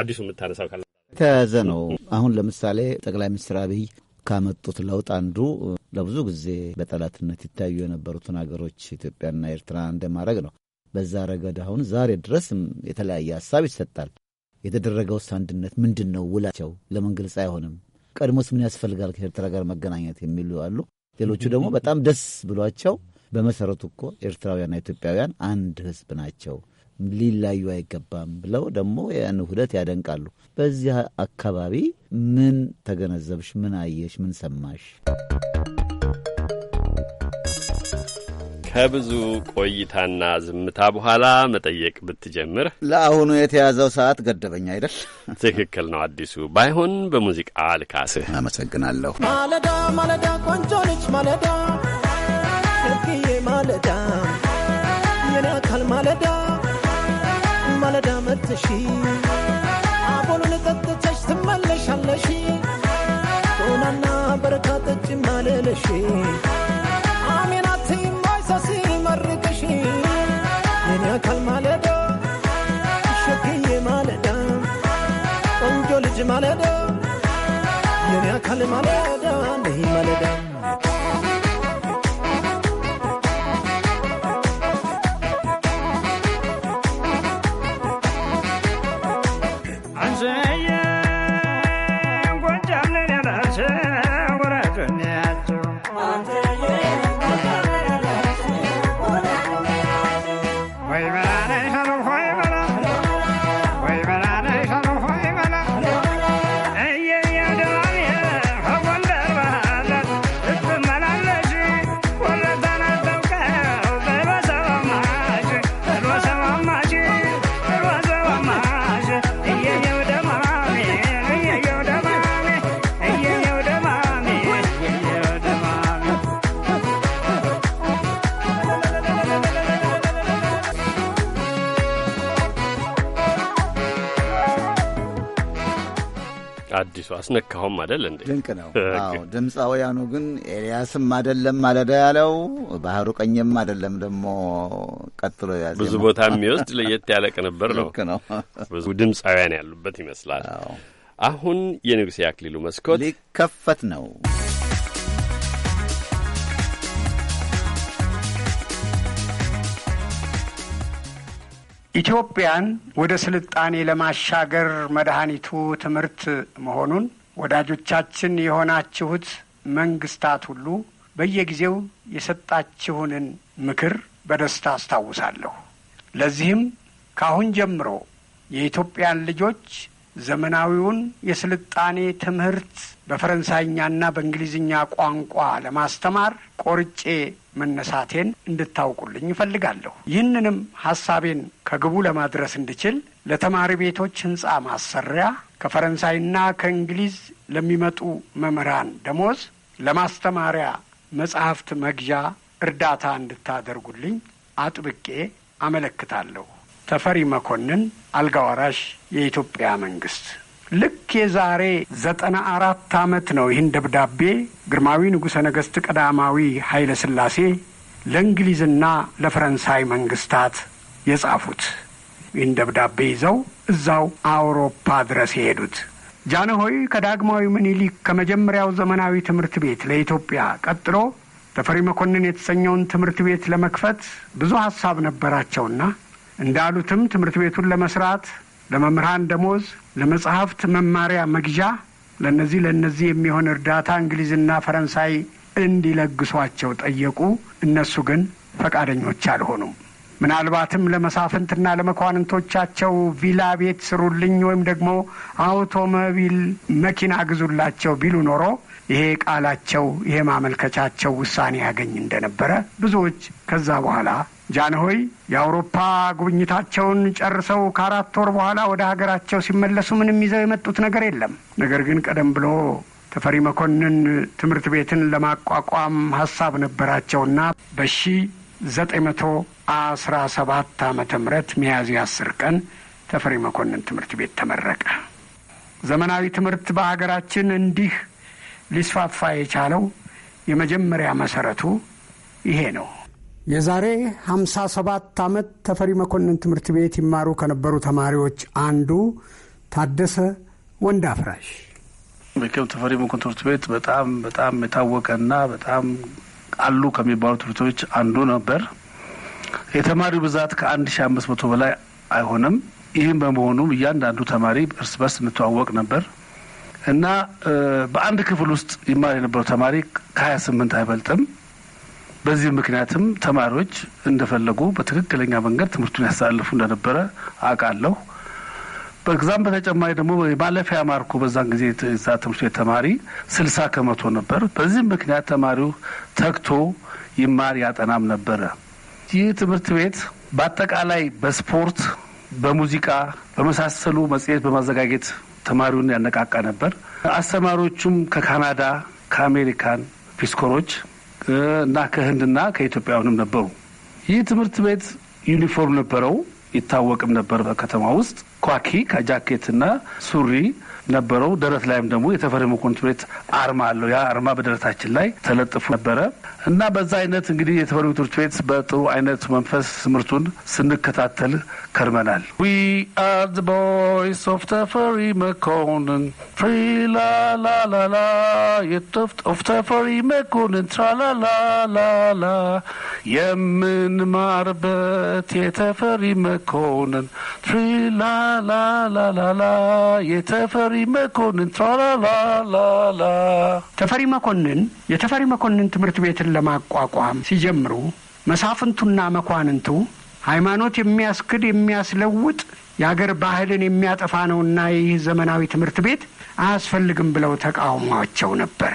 አዲሱ የምታነሳው ካለ የተያያዘ ነው። አሁን ለምሳሌ ጠቅላይ ሚኒስትር አብይ ካመጡት ለውጥ አንዱ ለብዙ ጊዜ በጠላትነት ይታዩ የነበሩትን ሀገሮች ኢትዮጵያና ኤርትራ እንደማድረግ ነው። በዛ ረገድ አሁን ዛሬ ድረስ የተለያየ ሀሳብ ይሰጣል። የተደረገውስ አንድነት ምንድን ነው? ውላቸው ለምን ግልጽ አይሆንም? ቀድሞስ ምን ያስፈልጋል ከኤርትራ ጋር መገናኘት የሚሉ አሉ። ሌሎቹ ደግሞ በጣም ደስ ብሏቸው በመሰረቱ እኮ ኤርትራውያንና ኢትዮጵያውያን አንድ ህዝብ ናቸው ሊላዩ አይገባም ብለው ደግሞ ያን ውህደት ያደንቃሉ። በዚህ አካባቢ ምን ተገነዘብሽ? ምን አየሽ? ምን ሰማሽ? ከብዙ ቆይታና ዝምታ በኋላ መጠየቅ ብትጀምር ለአሁኑ የተያዘው ሰዓት ገደበኝ አይደል? ትክክል ነው አዲሱ። ባይሆን በሙዚቃ ልካስህ። አመሰግናለሁ። ማለዳ ማለዳ ቆንጆ ልጅ ማለዳ ማለዳ ትመትሽ አቦሉን ጠጥተሽ ትመለሻለሽ ቶናና በረካ ጠጭ ማለለሽ ነካሁም አደል እንዴ? ድንቅ ነው። አዎ ድምፃውያኑ ግን ኤልያስም አደለም ማለዳ ያለው ባህሩ ቀኝም አደለም ደግሞ ቀጥሎ ያ ብዙ ቦታ የሚወስድ ለየት ያለ ቅንብር ነው። ልክ ነው። ብዙ ድምፃውያን ያሉበት ይመስላል። አሁን የንጉሴ አክሊሉ መስኮት ሊከፈት ነው። ኢትዮጵያን ወደ ስልጣኔ ለማሻገር መድኃኒቱ ትምህርት መሆኑን ወዳጆቻችን የሆናችሁት መንግስታት ሁሉ በየጊዜው የሰጣችሁንን ምክር በደስታ አስታውሳለሁ። ለዚህም ካሁን ጀምሮ የኢትዮጵያን ልጆች ዘመናዊውን የስልጣኔ ትምህርት በፈረንሳይኛና በእንግሊዝኛ ቋንቋ ለማስተማር ቆርጬ መነሳቴን እንድታውቁልኝ እፈልጋለሁ። ይህንንም ሀሳቤን ከግቡ ለማድረስ እንድችል ለተማሪ ቤቶች ህንፃ ማሰሪያ ከፈረንሳይና ከእንግሊዝ ለሚመጡ መምህራን ደሞዝ፣ ለማስተማሪያ መጽሐፍት መግዣ እርዳታ እንድታደርጉልኝ አጥብቄ አመለክታለሁ። ተፈሪ መኮንን አልጋ የኢትዮጵያ መንግስት። ልክ የዛሬ ዘጠና አራት ዓመት ነው ይህን ደብዳቤ ግርማዊ ንጉሠ ነገሥት ቀዳማዊ ኃይለ ሥላሴ ለእንግሊዝና ለፈረንሳይ መንግስታት የጻፉት። ይህን ደብዳቤ ይዘው እዛው አውሮፓ ድረስ የሄዱት ጃንሆይ ከዳግማዊ ምኒልክ ከመጀመሪያው ዘመናዊ ትምህርት ቤት ለኢትዮጵያ ቀጥሎ ተፈሪ መኮንን የተሰኘውን ትምህርት ቤት ለመክፈት ብዙ ሀሳብ ነበራቸውና እንዳሉትም ትምህርት ቤቱን ለመስራት፣ ለመምህራን ደሞዝ፣ ለመጽሐፍት መማሪያ መግዣ፣ ለእነዚህ ለእነዚህ የሚሆን እርዳታ እንግሊዝና ፈረንሳይ እንዲለግሷቸው ጠየቁ። እነሱ ግን ፈቃደኞች አልሆኑም። ምናልባትም ለመሳፍንትና ለመኳንንቶቻቸው ቪላ ቤት ስሩልኝ ወይም ደግሞ አውቶሞቢል መኪና ግዙላቸው ቢሉ ኖሮ ይሄ ቃላቸው ይሄ ማመልከቻቸው ውሳኔ ያገኝ እንደነበረ ብዙዎች ከዛ በኋላ ጃንሆይ የአውሮፓ ጉብኝታቸውን ጨርሰው ከአራት ወር በኋላ ወደ ሀገራቸው ሲመለሱ ምንም ይዘው የመጡት ነገር የለም። ነገር ግን ቀደም ብሎ ተፈሪ መኮንን ትምህርት ቤትን ለማቋቋም ሀሳብ ነበራቸውና በሺ ዘጠኝ መቶ አስራ ሰባት ዓመተ ምህረት ሚያዝያ አስር ቀን ተፈሪ መኮንን ትምህርት ቤት ተመረቀ። ዘመናዊ ትምህርት በአገራችን እንዲህ ሊስፋፋ የቻለው የመጀመሪያ መሰረቱ ይሄ ነው። የዛሬ ሀምሳ ሰባት ዓመት ተፈሪ መኮንን ትምህርት ቤት ይማሩ ከነበሩ ተማሪዎች አንዱ ታደሰ ወንድ አፍራሽ መቼም ተፈሪ መኮንን ትምህርት ቤት በጣም በጣም የታወቀ የታወቀና በጣም አሉ ከሚባሉ ትምህርት ቤቶች አንዱ ነበር። የተማሪው ብዛት ከአንድ ሺ አምስት መቶ በላይ አይሆንም። ይህም በመሆኑም እያንዳንዱ ተማሪ እርስ በርስ የምተዋወቅ ነበር እና በአንድ ክፍል ውስጥ ይማር የነበረው ተማሪ ከሀያ ስምንት አይበልጥም። በዚህ ምክንያትም ተማሪዎች እንደፈለጉ በትክክለኛ መንገድ ትምህርቱን ያስተላልፉ እንደነበረ አውቃለሁ። በዛም በተጨማሪ ደግሞ ባለፊያ ማርኩ በዛን ጊዜ ዛ ትምህርት ቤት ተማሪ ስልሳ ከመቶ ነበር። በዚህም ምክንያት ተማሪው ተግቶ ይማር ያጠናም ነበረ። ይህ ትምህርት ቤት በአጠቃላይ በስፖርት፣ በሙዚቃ፣ በመሳሰሉ መጽሔት በማዘጋጀት ተማሪውን ያነቃቃ ነበር። አስተማሪዎቹም ከካናዳ ከአሜሪካን ፒስኮሮች እና ከህንድና ከኢትዮጵያውያንም ነበሩ። ይህ ትምህርት ቤት ዩኒፎርም ነበረው ይታወቅም ነበር በከተማ ውስጥ ኳኪ ከጃኬትና ሱሪ ነበረው። ደረት ላይም ደግሞ የተፈሪ መኮንን ትምህርት ቤት አርማ አለው። ያ አርማ በደረታችን ላይ ተለጥፎ ነበረ። እና በዛ አይነት እንግዲህ የተፈሪ ትምህርት ቤት በጥሩ አይነት መንፈስ ትምህርቱን ስንከታተል ከርመናል። ዊ አር ዘ ቮይስ ኦፍ ተፈሪ መኮንን ትሪላላላላ ኦፍ ተፈሪ መኮንን ትራላላላላ የምንማርበት የተፈሪ መኮንን ትሪላላላላላ የተፈሪ መኮንን ትራላላላላ ተፈሪ መኮንን የተፈሪ መኮንን ትምህርት ቤትን ለማቋቋም ሲጀምሩ መሳፍንቱና መኳንንቱ ሃይማኖት የሚያስክድ የሚያስለውጥ የአገር ባህልን የሚያጠፋ ነውና ይህ ዘመናዊ ትምህርት ቤት አያስፈልግም ብለው ተቃውሟቸው ነበር።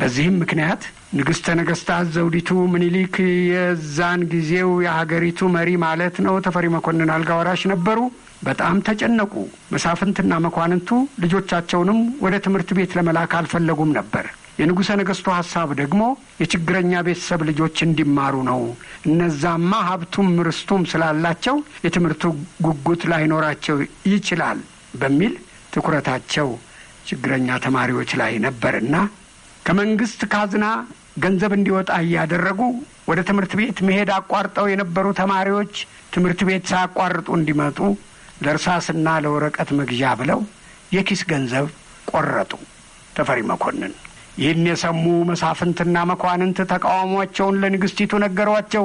በዚህም ምክንያት ንግሥተ ነገሥታት ዘውዲቱ ምኒልክ የዛን ጊዜው የሀገሪቱ መሪ ማለት ነው ተፈሪ መኮንን አልጋ ወራሽ ነበሩ። በጣም ተጨነቁ። መሳፍንትና መኳንንቱ ልጆቻቸውንም ወደ ትምህርት ቤት ለመላክ አልፈለጉም ነበር። የንጉሠ ነገሥቱ ሐሳብ ደግሞ የችግረኛ ቤተሰብ ልጆች እንዲማሩ ነው። እነዛማ ሀብቱም ምርስቱም ስላላቸው የትምህርቱ ጉጉት ላይኖራቸው ይችላል በሚል ትኩረታቸው ችግረኛ ተማሪዎች ላይ ነበርና ከመንግስት ካዝና ገንዘብ እንዲወጣ እያደረጉ ወደ ትምህርት ቤት መሄድ አቋርጠው የነበሩ ተማሪዎች ትምህርት ቤት ሳያቋርጡ እንዲመጡ ለእርሳስና ለወረቀት መግዣ ብለው የኪስ ገንዘብ ቆረጡ። ተፈሪ መኮንን ይህን የሰሙ መሳፍንትና መኳንንት ተቃውሟቸውን ለንግሥቲቱ ነገሯቸው።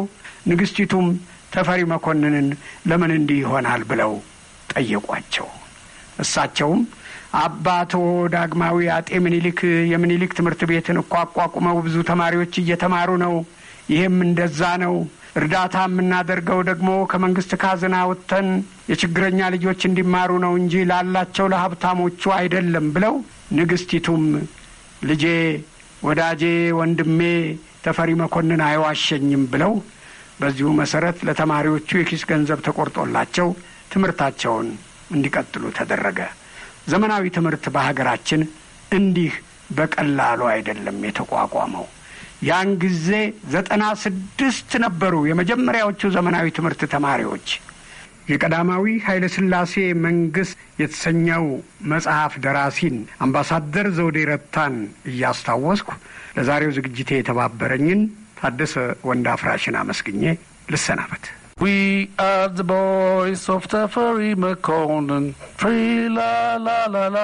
ንግሥቲቱም ተፈሪ መኮንንን ለምን እንዲህ ይሆናል ብለው ጠየቋቸው። እሳቸውም አባቶ ዳግማዊ አጤ ምኒልክ የምኒልክ ትምህርት ቤትን እኮ አቋቁመው ብዙ ተማሪዎች እየተማሩ ነው። ይህም እንደዛ ነው። እርዳታ የምናደርገው ደግሞ ከመንግስት ካዝና ወጥተን የችግረኛ ልጆች እንዲማሩ ነው እንጂ ላላቸው ለሀብታሞቹ አይደለም ብለው ንግስቲቱም ልጄ፣ ወዳጄ፣ ወንድሜ ተፈሪ መኮንን አይዋሸኝም ብለው በዚሁ መሰረት ለተማሪዎቹ የኪስ ገንዘብ ተቆርጦላቸው ትምህርታቸውን እንዲቀጥሉ ተደረገ። ዘመናዊ ትምህርት በሀገራችን እንዲህ በቀላሉ አይደለም የተቋቋመው። ያን ጊዜ ዘጠና ስድስት ነበሩ የመጀመሪያዎቹ ዘመናዊ ትምህርት ተማሪዎች። የቀዳማዊ ኃይለ ሥላሴ መንግሥት የተሰኘው መጽሐፍ ደራሲን አምባሳደር ዘውዴ ረታን እያስታወስኩ ለዛሬው ዝግጅቴ የተባበረኝን ታደሰ ወንድ አፍራሽን አመስግኜ ልሰናበት። We are the boys of ተፈሪ መኮንን ትሪላላላላ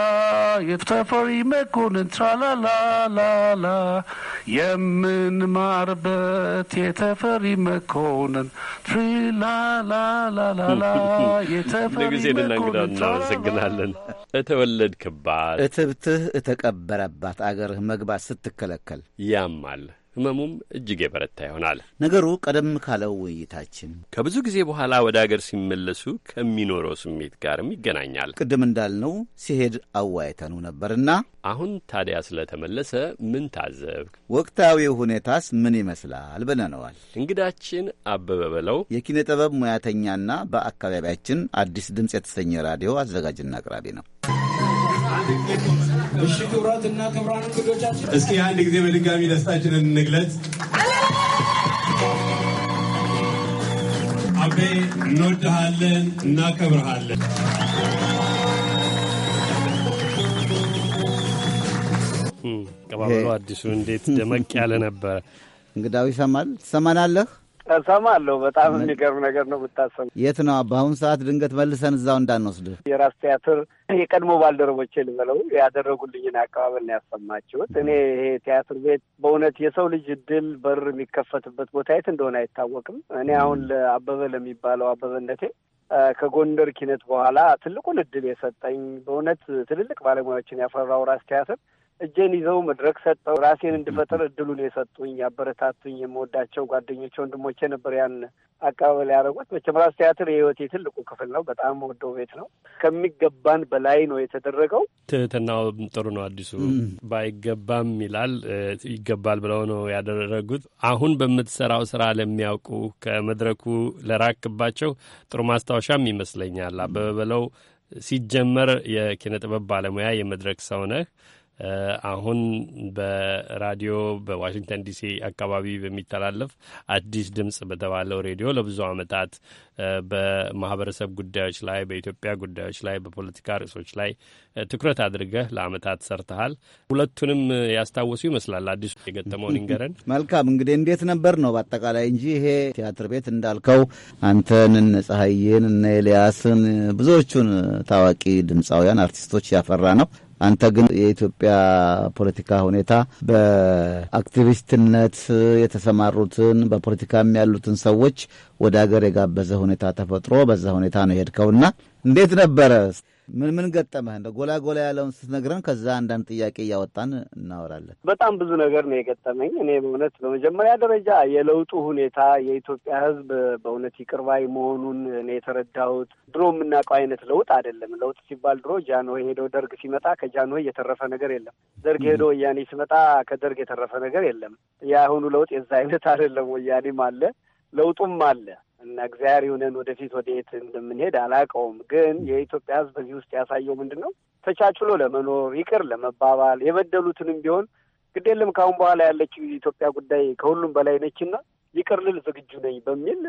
የተፈሪ መኮንን ትራላላላላ የምንማርበት የተፈሪ መኮንን ትሪላላላላላ የተፈሪ መኮንን እናመሰግናለን። እተወለድ ክባት እትብትህ እተቀበረባት አገርህ መግባት ስትከለከል ያማል ህመሙም እጅግ የበረታ ይሆናል። ነገሩ ቀደም ካለው ውይይታችን ከብዙ ጊዜ በኋላ ወደ አገር ሲመለሱ ከሚኖረው ስሜት ጋርም ይገናኛል። ቅድም እንዳልነው ሲሄድ አዋይተኑ ነበርና አሁን ታዲያ ስለተመለሰ ምን ታዘብ፣ ወቅታዊ ሁኔታስ ምን ይመስላል ብለነዋል። እንግዳችን አበበ በለው የኪነ ጥበብ ሙያተኛና በአካባቢያችን አዲስ ድምፅ የተሰኘ ራዲዮ አዘጋጅና አቅራቢ ነው። እሺ ክብራት እና ክብራን እንግዶቻችን፣ እስኪ አንድ ጊዜ በድጋሚ ደስታችንን እንግለጽ። አቤ እንወድሃለን፣ እናከብርሃለን። ቀባበሉ አዲሱ እንዴት ደመቅ ያለ ነበረ። እንግዳው ይሰማል፣ ትሰማናለህ? እሰማለሁ። በጣም የሚገርም ነገር ነው የምታሰሙ። የት ነው በአሁኑ ሰዓት ድንገት መልሰን እዛው እንዳንወስድህ የራስ ቲያትር የቀድሞ ባልደረቦቼ ልበለው ያደረጉልኝን አቀባበል ነው ያሰማችሁት። እኔ ይሄ ቲያትር ቤት በእውነት የሰው ልጅ እድል በር የሚከፈትበት ቦታ የት እንደሆነ አይታወቅም። እኔ አሁን ለአበበ ለሚባለው አበበነቴ ከጎንደር ኪነት በኋላ ትልቁን እድል የሰጠኝ በእውነት ትልልቅ ባለሙያዎችን ያፈራው ራስ ቲያትር እጄን ይዘው መድረክ ሰጠው ራሴን እንድፈጥር እድሉን የሰጡኝ ያበረታቱኝ የምወዳቸው ጓደኞቼ ወንድሞቼ ነበር ያን አቀባበል ያደረጉት። መቼም ራሱ ቲያትር የህይወቴ ትልቁ ክፍል ነው። በጣም ወደው ቤት ነው። ከሚገባን በላይ ነው የተደረገው። ትህትናው ጥሩ ነው። አዲሱ ባይገባም ይላል ይገባል ብለው ነው ያደረጉት። አሁን በምትሰራው ስራ ለሚያውቁ ከመድረኩ ለራክባቸው ጥሩ ማስታወሻም ይመስለኛል። አበበ በለው ሲጀመር የኪነ ጥበብ ባለሙያ የመድረክ ሰው ነህ አሁን በራዲዮ በዋሽንግተን ዲሲ አካባቢ በሚተላለፍ አዲስ ድምጽ በተባለው ሬዲዮ ለብዙ ዓመታት በማህበረሰብ ጉዳዮች ላይ፣ በኢትዮጵያ ጉዳዮች ላይ፣ በፖለቲካ ርዕሶች ላይ ትኩረት አድርገህ ለዓመታት ሰርተሃል። ሁለቱንም ያስታወሱ ይመስላል። አዲሱ የገጠመው ንገረን። መልካም እንግዲህ እንዴት ነበር ነው በአጠቃላይ እንጂ ይሄ ቲያትር ቤት እንዳልከው አንተን፣ እነ ፀሐይን፣ እነ ኤልያስን ብዙዎቹን ታዋቂ ድምፃውያን አርቲስቶች ያፈራ ነው። አንተ ግን የኢትዮጵያ ፖለቲካ ሁኔታ በአክቲቪስትነት የተሰማሩትን በፖለቲካም ያሉትን ሰዎች ወደ አገር የጋበዘ ሁኔታ ተፈጥሮ በዛ ሁኔታ ነው የሄድከውና እንዴት ነበረ? ምን ምን ገጠመህ? እንደ ጎላ ጎላ ያለውን ስትነግረን ከዛ አንዳንድ ጥያቄ እያወጣን እናወራለን። በጣም ብዙ ነገር ነው የገጠመኝ። እኔ በእውነት በመጀመሪያ ደረጃ የለውጡ ሁኔታ የኢትዮጵያ ሕዝብ በእውነት ይቅርባይ መሆኑን እኔ የተረዳሁት ድሮ የምናውቀው አይነት ለውጥ አይደለም። ለውጥ ሲባል ድሮ ጃንሆይ ሄደው ደርግ ሲመጣ ከጃንሆይ የተረፈ ነገር የለም። ደርግ ሄዶ ወያኔ ሲመጣ ከደርግ የተረፈ ነገር የለም። የአሁኑ ለውጥ የዛ አይነት አይደለም። ወያኔም አለ ለውጡም አለ እና እግዚአብሔር ይሁነን ወደፊት ወደየት እንደምንሄድ አላውቀውም። ግን የኢትዮጵያ ሕዝብ በዚህ ውስጥ ያሳየው ምንድን ነው? ተቻችሎ ለመኖር ይቅር ለመባባል የበደሉትንም ቢሆን ግድ የለም ከአሁን በኋላ ያለችው የኢትዮጵያ ጉዳይ ከሁሉም በላይ ነችና ይቅር ልል ዝግጁ ነኝ በሚል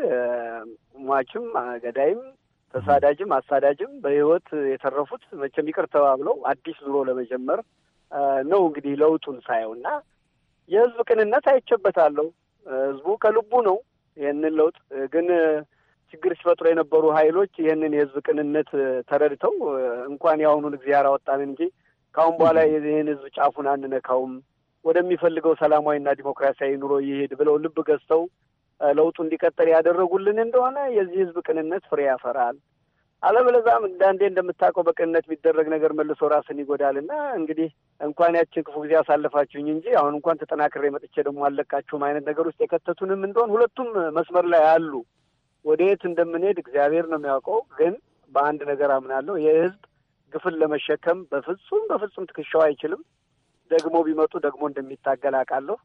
ሟችም ገዳይም ተሳዳጅም አሳዳጅም በህይወት የተረፉት መቼም ይቅር ተባብለው አዲስ ኑሮ ለመጀመር ነው እንግዲህ ለውጡን ሳየው እና የህዝብ ቅንነት አይቼበታለሁ። ህዝቡ ከልቡ ነው ይህንን ለውጥ ግን ችግር ሲፈጥሩ የነበሩ ኃይሎች ይህንን የህዝብ ቅንነት ተረድተው እንኳን የአሁኑን እግዚአብሔር አወጣን እንጂ ከአሁን በኋላ ይህን ህዝብ ጫፉን አንነካውም ወደሚፈልገው ሰላማዊና ዲሞክራሲያዊ ኑሮ ይሄድ ብለው ልብ ገዝተው ለውጡ እንዲቀጠል ያደረጉልን እንደሆነ የዚህ ህዝብ ቅንነት ፍሬ ያፈራል። አለበለዚያም እንዳንዴ እንደምታውቀው በቅንነት የሚደረግ ነገር መልሶ ራስን ይጎዳል እና እንግዲህ እንኳን ያችን ክፉ ጊዜ አሳለፋችሁኝ እንጂ አሁን እንኳን ተጠናክሬ መጥቼ ደግሞ አለካችሁም አይነት ነገር ውስጥ የከተቱንም እንደሆን ሁለቱም መስመር ላይ አሉ። ወደ የት እንደምንሄድ እግዚአብሔር ነው የሚያውቀው። ግን በአንድ ነገር አምናለሁ የህዝብ ግፍን ለመሸከም በፍጹም በፍጹም ትከሻው አይችልም። ደግሞ ቢመጡ ደግሞ እንደሚታገል አውቃለሁ።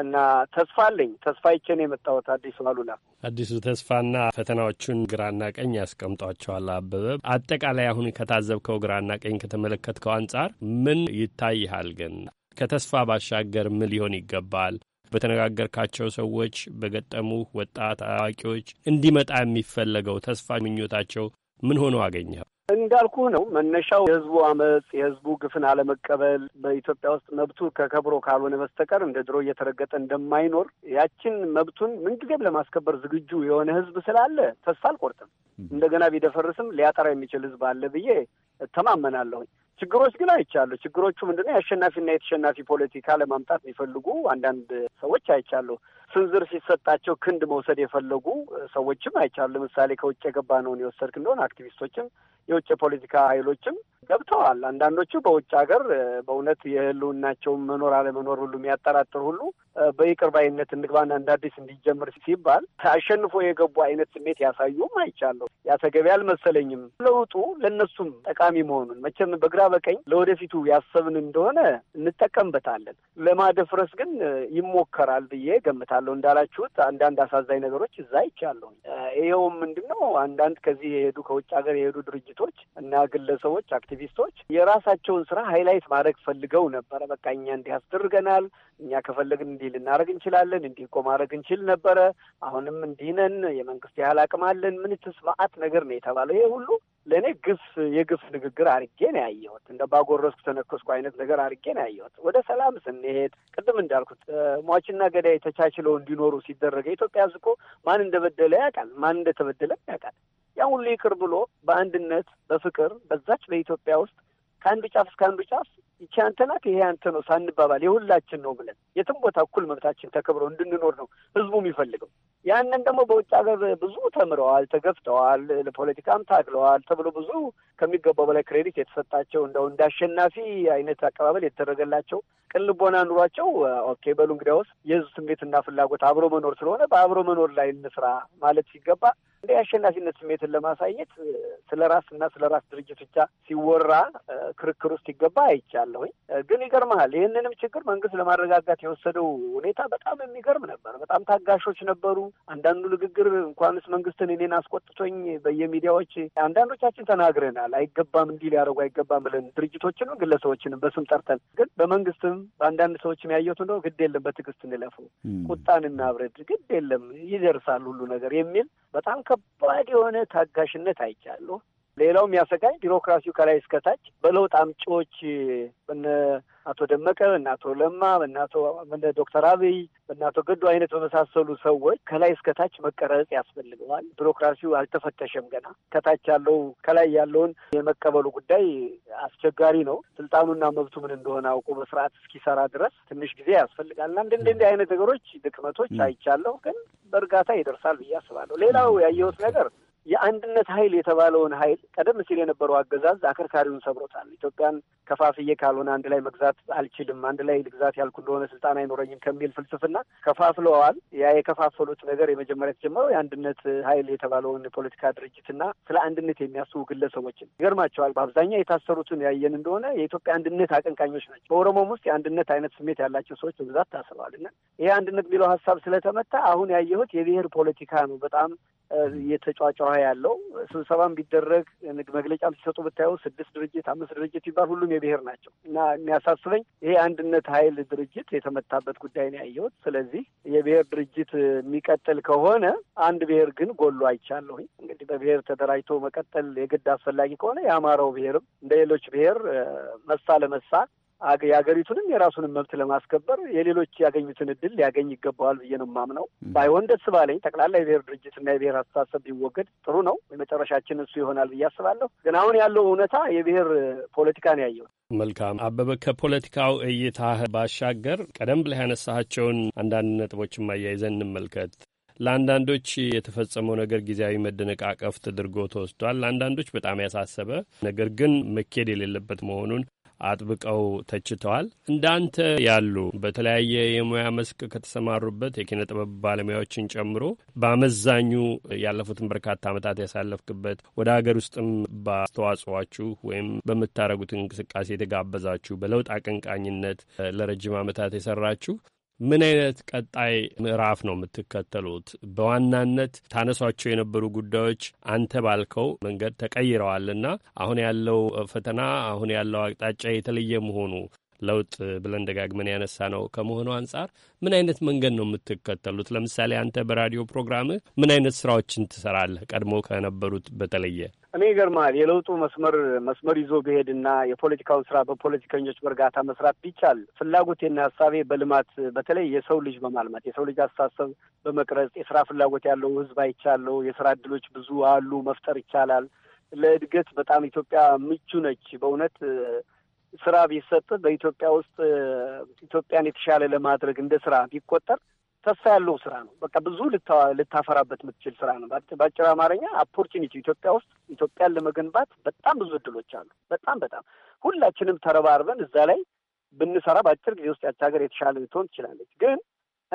እና ተስፋ አለኝ። ተስፋ ነው የመጣሁት አዲሱ አሉላ አዲሱ ተስፋና ፈተናዎቹን ግራና ቀኝ ያስቀምጧቸዋል። አበበ አጠቃላይ አሁን ከታዘብከው ግራና ቀኝ ከተመለከትከው አንጻር ምን ይታይሃል? ግን ከተስፋ ባሻገር ምን ሊሆን ይገባል? በተነጋገርካቸው ሰዎች፣ በገጠሙ ወጣት አዋቂዎች እንዲመጣ የሚፈለገው ተስፋ ምኞታቸው ምን ሆኖ አገኘኸው? እንዳልኩ ነው። መነሻው የህዝቡ አመፅ፣ የህዝቡ ግፍን አለመቀበል በኢትዮጵያ ውስጥ መብቱ ከከብሮ ካልሆነ በስተቀር እንደ ድሮ እየተረገጠ እንደማይኖር ያችን መብቱን ምንጊዜም ለማስከበር ዝግጁ የሆነ ህዝብ ስላለ ተስፋ አልቆርጥም። እንደገና ቢደፈርስም ሊያጠራ የሚችል ህዝብ አለ ብዬ እተማመናለሁኝ። ችግሮች ግን አይቻለሁ። ችግሮቹ ምንድነው? የአሸናፊና የተሸናፊ ፖለቲካ ለማምጣት የሚፈልጉ አንዳንድ ሰዎች አይቻለሁ። ስንዝር ሲሰጣቸው ክንድ መውሰድ የፈለጉ ሰዎችም አይቻሉ። ለምሳሌ ከውጭ የገባ ነውን የወሰድክ እንደሆነ አክቲቪስቶችም የውጭ የፖለቲካ ኃይሎችም ገብተዋል። አንዳንዶቹ በውጭ ሀገር በእውነት የህልውናቸውን መኖር አለመኖር ሁሉ የሚያጠራጥር ሁሉ በይቅር ባይነት እንግባና እንደ አዲስ እንዲጀምር ሲባል አሸንፎ የገቡ አይነት ስሜት ያሳዩም አይቻለሁ። ያተገቢ አልመሰለኝም። ለውጡ ለእነሱም ጠቃሚ መሆኑን መቼም በግራ በቀኝ ለወደፊቱ ያሰብን እንደሆነ እንጠቀምበታለን። ለማደፍረስ ግን ይሞከራል ብዬ ገምታለሁ። እንዳላችሁት አንዳንድ አሳዛኝ ነገሮች እዛ አይቻለሁ። ይኸውም ምንድን ነው አንዳንድ ከዚህ የሄዱ ከውጭ ሀገር የሄዱ ድርጅቶች እና ግለሰቦች፣ አክቲቪስቶች የራሳቸውን ስራ ሀይላይት ማድረግ ፈልገው ነበረ። በቃ እኛ እንዲህ አስደርገናል፣ እኛ ከፈለግን እንዲህ ልናደርግ እንችላለን፣ እንዲህ እኮ ማድረግ እንችል ነበረ፣ አሁንም እንዲህ ነን፣ የመንግስት ያህል አቅም አለን፣ ምንትስ ነገር ነው የተባለው። ይሄ ሁሉ ለእኔ ግፍ የግፍ ንግግር አድርጌ ነው ያየሁት። እንደ ባጎረስኩ ተነከስኩ አይነት ነገር አድርጌ ነው ያየሁት። ወደ ሰላም ስንሄድ ቅድም እንዳልኩት ሟችና ገዳይ ተቻችለው እንዲኖሩ ሲደረገ ኢትዮጵያ ሕዝብ እኮ ማን እንደበደለ ያውቃል፣ ማን እንደተበደለ ያውቃል። ያ ሁሉ ይቅር ብሎ በአንድነት በፍቅር በዛች በኢትዮጵያ ውስጥ ከአንዱ ጫፍ እስከ አንዱ ጫፍ ይቺ አንተ ናት ይሄ አንተ ነው ሳንባባል የሁላችን ነው ብለን የትም ቦታ እኩል መብታችን ተከብሮ እንድንኖር ነው ህዝቡ የሚፈልገው። ያንን ደግሞ በውጭ ሀገር ብዙ ተምረዋል፣ ተገፍተዋል፣ ለፖለቲካም ታግለዋል ተብሎ ብዙ ከሚገባው በላይ ክሬዲት የተሰጣቸው እንደው እንደ አሸናፊ አይነት አቀባበል የተደረገላቸው ቅን ልቦና ኑሯቸው ኦኬ በሉ እንግዲያውስ የህዝብ ስሜትና ፍላጎት አብሮ መኖር ስለሆነ በአብሮ መኖር ላይ እንስራ ማለት ሲገባ እንደ የአሸናፊነት ስሜትን ለማሳየት ስለ ራስና ስለ ራስ ድርጅት ብቻ ሲወራ ክርክር ውስጥ ይገባ አይቻል አውቃለሁኝ። ግን ይገርመሃል ይህንንም ችግር መንግስት ለማረጋጋት የወሰደው ሁኔታ በጣም የሚገርም ነበር። በጣም ታጋሾች ነበሩ። አንዳንዱ ንግግር እንኳንስ መንግስትን እኔን አስቆጥቶኝ በየሚዲያዎች አንዳንዶቻችን ተናግረናል። አይገባም እንዲህ ሊያደርጉ አይገባም ብለን ድርጅቶችንም ግለሰቦችንም በስም ጠርተን ግን በመንግስትም በአንዳንድ ሰዎች ያየሁት እንደው ግድ የለም በትዕግስት እንለፉ፣ ቁጣን እናብረድ፣ ግድ የለም ይደርሳል ሁሉ ነገር የሚል በጣም ከባድ የሆነ ታጋሽነት አይቻለሁ። ሌላው የሚያሰጋኝ ቢሮክራሲው ከላይ እስከታች በለውጥ አምጪዎች በነ አቶ ደመቀ በነ አቶ ለማ በነ አቶ ዶክተር አብይ በነ አቶ ገዱ አይነት በመሳሰሉ ሰዎች ከላይ እስከታች መቀረጽ ያስፈልገዋል። ቢሮክራሲው አልተፈተሸም ገና። ከታች ያለው ከላይ ያለውን የመቀበሉ ጉዳይ አስቸጋሪ ነው። ስልጣኑና መብቱ ምን እንደሆነ አውቆ በስርዓት እስኪሰራ ድረስ ትንሽ ጊዜ ያስፈልጋል እና እንደ እንዲህ አይነት ነገሮች ድክመቶች አይቻለሁ፣ ግን በእርጋታ ይደርሳል ብዬ አስባለሁ። ሌላው ያየሁት ነገር የአንድነት ኃይል የተባለውን ኃይል ቀደም ሲል የነበረው አገዛዝ አከርካሪውን ሰብሮታል። ኢትዮጵያን ከፋፍዬ ካልሆነ አንድ ላይ መግዛት አልችልም፣ አንድ ላይ ልግዛት ያልኩ እንደሆነ ስልጣን አይኖረኝም ከሚል ፍልስፍና ከፋፍለዋል። ያ የከፋፈሉት ነገር የመጀመሪያ የተጀመረው የአንድነት ኃይል የተባለውን የፖለቲካ ድርጅትና ስለ አንድነት የሚያስቡ ግለሰቦችን ይገርማቸዋል። በአብዛኛው የታሰሩትን ያየን እንደሆነ የኢትዮጵያ አንድነት አቀንቃኞች ናቸው። በኦሮሞም ውስጥ የአንድነት አይነት ስሜት ያላቸው ሰዎች በብዛት ታስረዋል እና ይሄ አንድነት የሚለው ሀሳብ ስለተመታ አሁን ያየሁት የብሔር ፖለቲካ ነው በጣም እየተጫጫኸ ያለው ስብሰባም ቢደረግ መግለጫም ሲሰጡ ብታየው ስድስት ድርጅት አምስት ድርጅት ቢባል ሁሉም የብሔር ናቸው እና የሚያሳስበኝ ይሄ አንድነት ኃይል ድርጅት የተመታበት ጉዳይ ነው ያየሁት። ስለዚህ የብሔር ድርጅት የሚቀጥል ከሆነ አንድ ብሔር ግን ጎሎ አይቻለሁኝ። እንግዲህ በብሔር ተደራጅቶ መቀጠል የግድ አስፈላጊ ከሆነ የአማራው ብሔርም እንደ ሌሎች ብሔር መሳ ለመሳ የሀገሪቱንም የራሱንም መብት ለማስከበር የሌሎች ያገኙትን እድል ሊያገኝ ይገባዋል ብዬ ነው የማምነው። ባይሆን ደስ ባለኝ ጠቅላላ የብሔር ድርጅትና የብሔር አስተሳሰብ ቢወገድ ጥሩ ነው። የመጨረሻችን እሱ ይሆናል ብዬ አስባለሁ። ግን አሁን ያለው እውነታ የብሔር ፖለቲካ ነው ያየው። መልካም አበበ፣ ከፖለቲካው እይታ ባሻገር ቀደም ብለህ ያነሳቸውን አንዳንድ ነጥቦችን አያይዘን እንመልከት። ለአንዳንዶች የተፈጸመው ነገር ጊዜያዊ መደነቃቀፍ ተደርጎ ተወስዷል። ለአንዳንዶች በጣም ያሳሰበ ነገር ግን መኬድ የሌለበት መሆኑን አጥብቀው ተችተዋል። እንዳንተ ያሉ በተለያየ የሙያ መስክ ከተሰማሩበት የኪነ ጥበብ ባለሙያዎችን ጨምሮ በአመዛኙ ያለፉትን በርካታ ዓመታት ያሳለፍክበት ወደ ሀገር ውስጥም በአስተዋጽዋችሁ ወይም በምታደረጉት እንቅስቃሴ የተጋበዛችሁ በለውጥ አቀንቃኝነት ለረጅም ዓመታት የሰራችሁ ምን አይነት ቀጣይ ምዕራፍ ነው የምትከተሉት? በዋናነት ታነሷቸው የነበሩ ጉዳዮች አንተ ባልከው መንገድ ተቀይረዋልና አሁን ያለው ፈተና አሁን ያለው አቅጣጫ የተለየ መሆኑ ለውጥ ብለን ደጋግመን ያነሳ ነው ከመሆኑ አንጻር ምን አይነት መንገድ ነው የምትከተሉት? ለምሳሌ አንተ በራዲዮ ፕሮግራምህ ምን አይነት ስራዎችን ትሰራለህ? ቀድሞ ከነበሩት በተለየ እኔ ይገርማል የለውጡ መስመር መስመር ይዞ ብሄድና የፖለቲካውን ስራ በፖለቲከኞች በእርጋታ መስራት ቢቻል ፍላጎቴና ሀሳቤ በልማት በተለይ የሰው ልጅ በማልማት የሰው ልጅ አስተሳሰብ በመቅረጽ የስራ ፍላጎት ያለው ህዝብ አይቻለው። የስራ እድሎች ብዙ አሉ፣ መፍጠር ይቻላል። ለእድገት በጣም ኢትዮጵያ ምቹ ነች። በእውነት ስራ ቢሰጥ በኢትዮጵያ ውስጥ ኢትዮጵያን የተሻለ ለማድረግ እንደ ስራ ቢቆጠር ተስፋ ያለው ስራ ነው። በቃ ብዙ ልታፈራበት የምትችል ስራ ነው። በአጭር አማርኛ ኦፖርቹኒቲ ኢትዮጵያ ውስጥ ኢትዮጵያን ለመገንባት በጣም ብዙ እድሎች አሉ። በጣም በጣም ሁላችንም ተረባርበን እዛ ላይ ብንሰራ በአጭር ጊዜ ውስጥ ያች ሀገር የተሻለ ልትሆን ትችላለች። ግን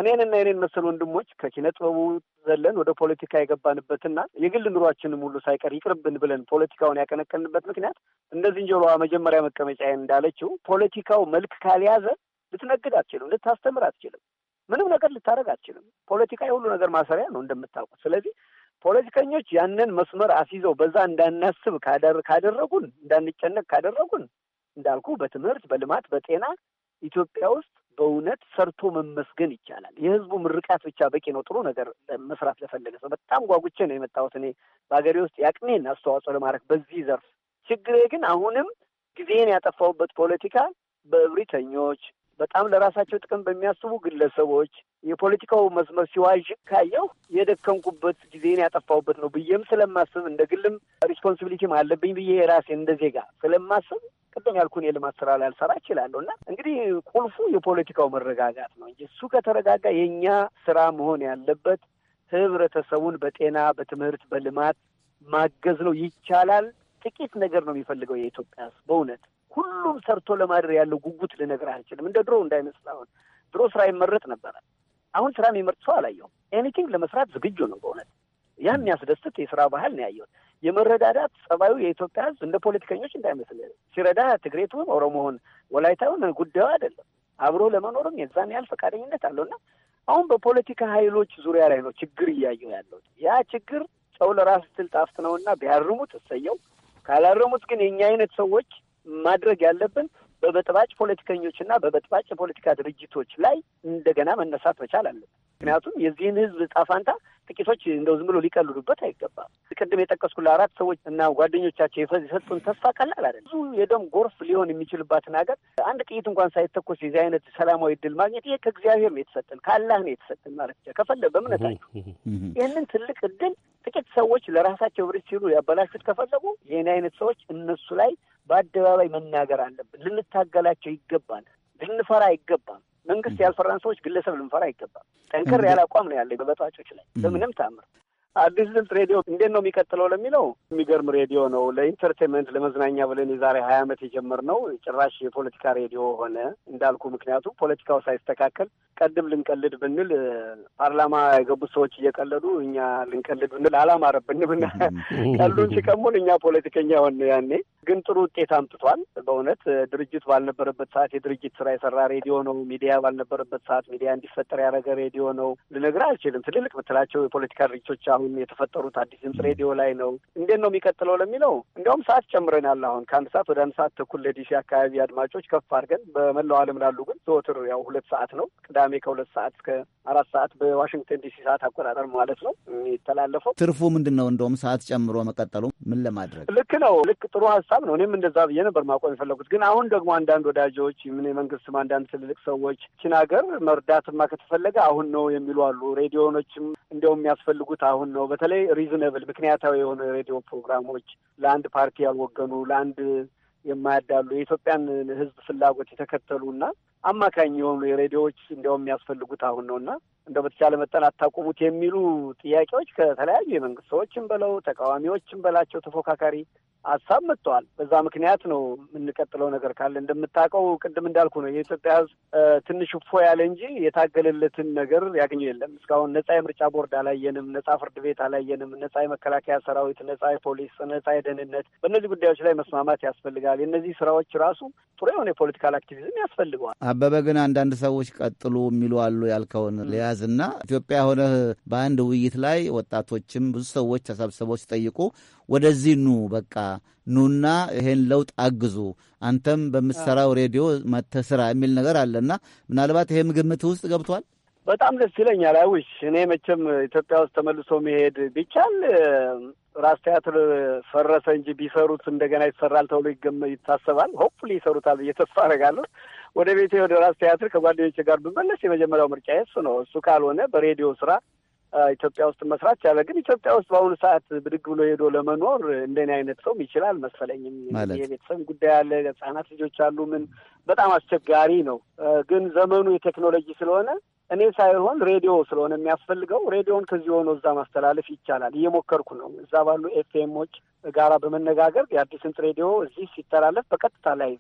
እኔንና የኔን መሰል ወንድሞች ከኪነ ጥበቡ ዘለን ወደ ፖለቲካ የገባንበትና የግል ኑሯችንም ሁሉ ሳይቀር ይቅርብን ብለን ፖለቲካውን ያቀነቀንበት ምክንያት እንደ ዝንጀሮዋ መጀመሪያ መቀመጫ እንዳለችው ፖለቲካው መልክ ካልያዘ ልትነግድ አትችልም፣ ልታስተምር አትችልም። ምንም ነገር ልታደረግ አትችልም። ፖለቲካ የሁሉ ነገር ማሰሪያ ነው እንደምታውቁት። ስለዚህ ፖለቲከኞች ያንን መስመር አስይዘው በዛ እንዳናስብ ካደረጉን፣ እንዳንጨነቅ ካደረጉን እንዳልኩ በትምህርት በልማት በጤና ኢትዮጵያ ውስጥ በእውነት ሰርቶ መመስገን ይቻላል። የህዝቡ ምርቃት ብቻ በቂ ነው። ጥሩ ነገር መስራት ለፈለገ ሰው በጣም ጓጉቼ ነው የመጣሁት። እኔ በሀገሬ ውስጥ ያቅሜን አስተዋጽኦ ለማድረግ በዚህ ዘርፍ ችግሬ ግን አሁንም ጊዜን ያጠፋሁበት ፖለቲካ በእብሪተኞች በጣም ለራሳቸው ጥቅም በሚያስቡ ግለሰቦች የፖለቲካው መስመር ሲዋዥቅ ካየሁ የደከምኩበት ጊዜን ያጠፋሁበት ነው ብዬም ስለማስብ እንደ ግልም ሪስፖንሲቢሊቲም አለብኝ ብዬ የራሴ እንደ ዜጋ ስለማስብ ቅድም ያልኩን የልማት ስራ ላልሰራ እችላለሁ እና እንግዲህ ቁልፉ የፖለቲካው መረጋጋት ነው እንጂ እሱ ከተረጋጋ የእኛ ስራ መሆን ያለበት ህብረተሰቡን በጤና፣ በትምህርት፣ በልማት ማገዝ ነው። ይቻላል። ጥቂት ነገር ነው የሚፈልገው የኢትዮጵያ በእውነት ሁሉም ሰርቶ ለማድር ያለው ጉጉት ልነግር አልችልም። እንደ ድሮ እንዳይመስልህ። አሁን ድሮ ስራ ይመረጥ ነበረ። አሁን ስራ የሚመርጥ ሰው አላየሁም። ኤኒቲንግ ለመስራት ዝግጁ ነው በእውነት ያ የሚያስደስት የስራ ባህል ነው ያየሁት። የመረዳዳት ጸባዩ የኢትዮጵያ ህዝብ እንደ ፖለቲከኞች እንዳይመስል ሲረዳ ትግሬቱ ኦሮሞውን፣ ወላይታውን ጉዳዩ አይደለም። አብሮ ለመኖርም የዛን ያህል ፈቃደኝነት አለው እና አሁን በፖለቲካ ኃይሎች ዙሪያ ላይ ነው ችግር እያየው ያለው። ያ ችግር ሰው ለራስ ስትል ጣፍት ነውና ቢያርሙት እሰየው፣ ካላረሙት ግን የእኛ አይነት ሰዎች ማድረግ ያለብን በበጥባጭ ፖለቲከኞችና በበጥባጭ የፖለቲካ ድርጅቶች ላይ እንደገና መነሳት መቻል አለብን። ምክንያቱም የዚህን ህዝብ ዕጣ ፈንታ ጥቂቶች እንደው ዝም ብሎ ሊቀልሉበት አይገባም። ቅድም የጠቀስኩት አራት ሰዎች እና ጓደኞቻቸው የሰጡን ተስፋ ቀላል አይደለም። ብዙ የደም ጎርፍ ሊሆን የሚችልባትን ሀገር አንድ ጥይት እንኳን ሳይተኮስ የዚህ አይነት ሰላማዊ ድል ማግኘት ይሄ ከእግዚአብሔር ነው የተሰጠን፣ ከአላህ ነው የተሰጠን ማለት ከፈለ በእምነታቸው ይህንን ትልቅ እድል ጥቂት ሰዎች ለራሳቸው ብሪት ሲሉ ያበላሹት ከፈለጉ ይህን አይነት ሰዎች እነሱ ላይ በአደባባይ መናገር አለብን። ልንታገላቸው ይገባል። ልንፈራ አይገባም። መንግስት ያልፈራን ሰዎች ግለሰብ ልንፈራ አይገባም። ጠንከር ያለ አቋም ነው ያለ በበታቾች ላይ በምንም ታምር። አዲስ ስልት ሬዲዮ እንዴት ነው የሚቀጥለው ለሚለው የሚገርም ሬዲዮ ነው። ለኢንተርቴንመንት ለመዝናኛ ብለን የዛሬ ሀያ ዓመት የጀመርነው ጭራሽ የፖለቲካ ሬዲዮ ሆነ እንዳልኩ። ምክንያቱም ፖለቲካው ሳይስተካከል ቀድም ልንቀልድ ብንል ፓርላማ የገቡት ሰዎች እየቀለዱ እኛ ልንቀልድ ብንል አላማረብንም እና ሲቀሙን እኛ ፖለቲከኛ ሆን ያኔ ግን ጥሩ ውጤት አምጥቷል። በእውነት ድርጅት ባልነበረበት ሰዓት የድርጅት ስራ የሰራ ሬዲዮ ነው። ሚዲያ ባልነበረበት ሰዓት ሚዲያ እንዲፈጠር ያደረገ ሬዲዮ ነው ልነግር አልችልም። ትልልቅ ምትላቸው የፖለቲካ ድርጅቶች አሁን የተፈጠሩት አዲስ ድምፅ ሬዲዮ ላይ ነው። እንዴት ነው የሚቀጥለው ለሚለው እንዲያውም ሰዓት ጨምረናል። አሁን ከአንድ ሰዓት ወደ አንድ ሰዓት ተኩል ለዲሲ አካባቢ አድማጮች ከፍ አድርገን በመላው ዓለም ላሉ ግን ዘወትር ያው ሁለት ሰዓት ነው። ቅዳሜ ከሁለት ሰዓት እስከ አራት ሰዓት በዋሽንግተን ዲሲ ሰዓት አቆጣጠር ማለት ነው የሚተላለፈው። ትርፉ ምንድን ነው? እንደውም ሰዓት ጨምሮ መቀጠሉ ምን ለማድረግ ልክ ነው። ልክ ጥሩ ሀሳብ ሀሳብ ነው። እኔም እንደዛ ብዬ ነበር ማቆም የፈለጉት። ግን አሁን ደግሞ አንዳንድ ወዳጆች ምን የመንግስትም አንዳንድ ትልልቅ ሰዎች ችን ሀገር መርዳትማ ከተፈለገ አሁን ነው የሚሉ አሉ። ሬዲዮኖችም እንዲያውም የሚያስፈልጉት አሁን ነው። በተለይ ሪዝነብል ምክንያታዊ የሆነ ሬዲዮ ፕሮግራሞች ለአንድ ፓርቲ ያልወገኑ ለአንድ የማያዳሉ የኢትዮጵያን ሕዝብ ፍላጎት የተከተሉ እና አማካኝ የሆኑ ሬዲዮዎች እንዲያውም የሚያስፈልጉት አሁን ነው እና እንደ በተቻለ መጠን አታቆሙት የሚሉ ጥያቄዎች ከተለያዩ የመንግስት ሰዎችን በለው ተቃዋሚዎችን በላቸው ተፎካካሪ ሀሳብ መጥተዋል። በዛ ምክንያት ነው የምንቀጥለው ነገር ካለ እንደምታውቀው ቅድም እንዳልኩ ነው የኢትዮጵያ ሕዝብ ትንሽ እፎ ያለ እንጂ የታገለለትን ነገር ያገኘ የለም። እስካሁን ነጻ የምርጫ ቦርድ አላየንም፣ ነጻ ፍርድ ቤት አላየንም፣ ነጻ የመከላከያ ሰራዊት፣ ነጻ የፖሊስ፣ ነጻ የደህንነት። በእነዚህ ጉዳዮች ላይ መስማማት ያስፈልጋል። የእነዚህ ስራዎች ራሱ ጥሩ የሆነ የፖለቲካል አክቲቪዝም ያስፈልገዋል። አበበ ግን አንዳንድ ሰዎች ቀጥሉ የሚሉ አሉ ያልከውን ለያዝና ኢትዮጵያ ሆነህ በአንድ ውይይት ላይ ወጣቶችም ብዙ ሰዎች ተሰብስበው ሲጠይቁ ወደዚህ ኑ በቃ ኑና ይሄን ለውጥ አግዙ፣ አንተም በምትሰራው ሬዲዮ መተስራ የሚል ነገር አለና ምናልባት ይሄም ግምት ውስጥ ገብቷል። በጣም ደስ ይለኛል። አይውሽ እኔ መቼም ኢትዮጵያ ውስጥ ተመልሶ መሄድ ቢቻል ራስ ቲያትር ፈረሰ እንጂ ቢሰሩት እንደገና ይሰራል ተብሎ ይታሰባል። ሆፕፉሊ ይሰሩታል ብዬ ተስፋ አደርጋለሁ። ወደ ቤቴ ወደ ራስ ቲያትር ከጓደኞች ጋር ብመለስ የመጀመሪያው ምርጫ የሱ ነው። እሱ ካልሆነ በሬዲዮ ስራ ኢትዮጵያ ውስጥ መስራት ቻለ። ግን ኢትዮጵያ ውስጥ በአሁኑ ሰዓት ብድግ ብሎ ሄዶ ለመኖር እንደኔ አይነት ሰውም ይችላል መሰለኝም። የቤተሰብ ጉዳይ አለ፣ ህጻናት ልጆች አሉ። ምን በጣም አስቸጋሪ ነው። ግን ዘመኑ የቴክኖሎጂ ስለሆነ እኔ ሳይሆን ሬዲዮ ስለሆነ የሚያስፈልገው ሬዲዮን ከዚህ ሆኖ እዛ ማስተላለፍ ይቻላል። እየሞከርኩ ነው። እዛ ባሉ ኤፍኤሞች ጋራ በመነጋገር የአዲስንት ሬዲዮ እዚህ ሲተላለፍ በቀጥታ ላይ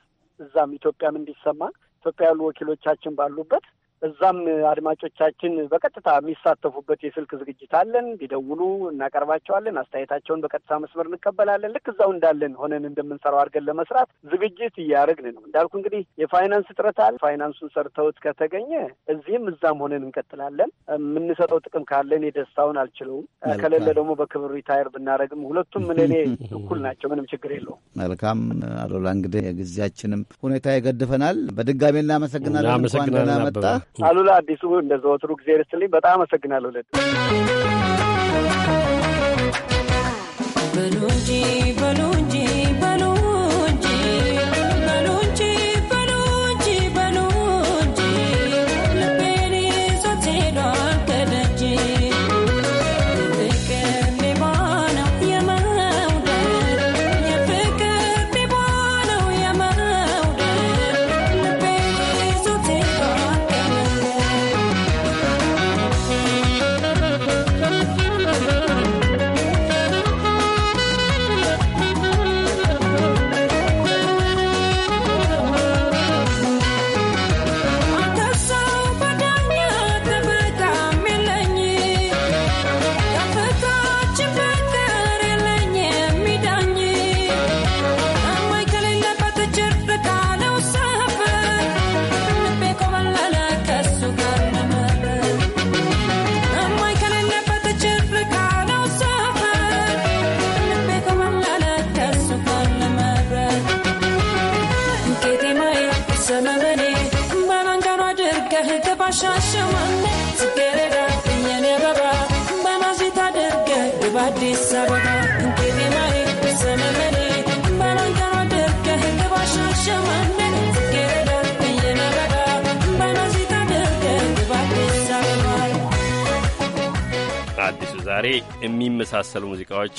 እዛም ኢትዮጵያም እንዲሰማ ኢትዮጵያ ያሉ ወኪሎቻችን ባሉበት እዛም አድማጮቻችን በቀጥታ የሚሳተፉበት የስልክ ዝግጅት አለን። ቢደውሉ እናቀርባቸዋለን። አስተያየታቸውን በቀጥታ መስመር እንቀበላለን። ልክ እዛው እንዳለን ሆነን እንደምንሰራው አድርገን ለመስራት ዝግጅት እያደረግን ነው። እንዳልኩ እንግዲህ የፋይናንስ እጥረት አለ። ፋይናንሱን ሰርተውት ከተገኘ እዚህም እዛም ሆነን እንቀጥላለን። የምንሰጠው ጥቅም ካለን የደስታውን አልችለውም፣ ከሌለ ደግሞ በክብር ሪታየር ብናደረግም ሁለቱም እኔ እኩል ናቸው። ምንም ችግር የለው። መልካም አሉላ፣ እንግዲህ የጊዜያችንም ሁኔታ ይገድፈናል። በድጋሚ እናመሰግናለን። እንኳን ደህና መጣ። አሉላ አዲሱ እንደ ዘወትሩ ጊዜ ርስትልኝ በጣም አመሰግናለሁ። ለ በሉ እንጂ በሉ የመሳሰሉ ሙዚቃዎች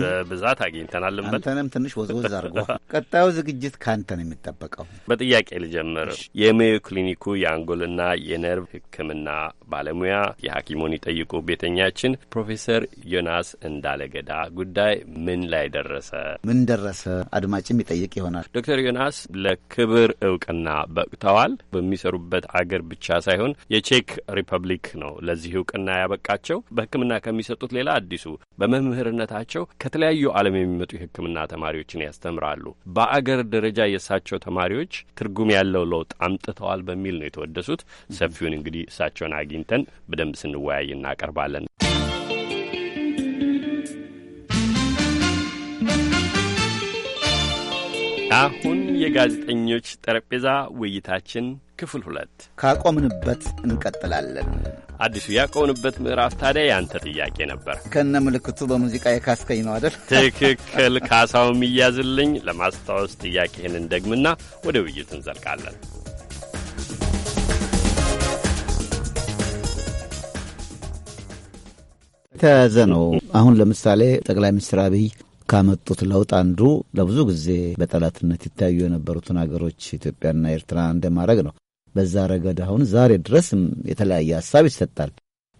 በብዛት አግኝተናል። አንተንም ትንሽ ወዝወዝ አድርገዋል። ቀጣዩ ዝግጅት ከአንተ ነው የሚጠበቀው። በጥያቄ ልጀምር። የሜዮ ክሊኒኩ የአንጎልና የነርቭ ሕክምና ባለሙያ የሐኪሞን ይጠይቁ ቤተኛችን ፕሮፌሰር ዮናስ እንዳለገዳ ጉዳይ ምን ላይ ደረሰ? ምን ደረሰ? አድማጭም ይጠይቅ ይሆናል። ዶክተር ዮናስ ለክብር እውቅና በቅተዋል። በሚሰሩበት አገር ብቻ ሳይሆን የቼክ ሪፐብሊክ ነው ለዚህ እውቅና ያበቃቸው። በሕክምና ከሚሰጡት ሌላ አዲሱ በመምህርነታቸው ከተለያዩ ዓለም የሚመጡ የሕክምና ተማሪዎችን ያስተምራሉ። በአገር ደረጃ የእሳቸው ተማሪዎች ትርጉም ያለው ለውጥ አምጥተዋል በሚል ነው የተወደሱት። ሰፊውን እንግዲህ እሳቸውን አግኝተን በደንብ ስንወያይ እናቀርባለን። አሁን የጋዜጠኞች ጠረጴዛ ውይይታችን ክፍል ሁለት ካቆምንበት እንቀጥላለን። አዲሱ ያቆምንበት ምዕራፍ ታዲያ ያንተ ጥያቄ ነበር። ከነ ምልክቱ በሙዚቃ የካስከኝ ነው አደል? ትክክል። ካሳው የሚያዝልኝ ለማስታወስ ጥያቄህን እንደግምና ወደ ውይይት እንዘልቃለን። ተያያዘ ነው። አሁን ለምሳሌ ጠቅላይ ሚኒስትር አብይ ካመጡት ለውጥ አንዱ ለብዙ ጊዜ በጠላትነት ይታዩ የነበሩትን ሀገሮች ኢትዮጵያና ኤርትራ እንደማድረግ ነው። በዛ ረገድ አሁን ዛሬ ድረስ የተለያየ ሀሳብ ይሰጣል።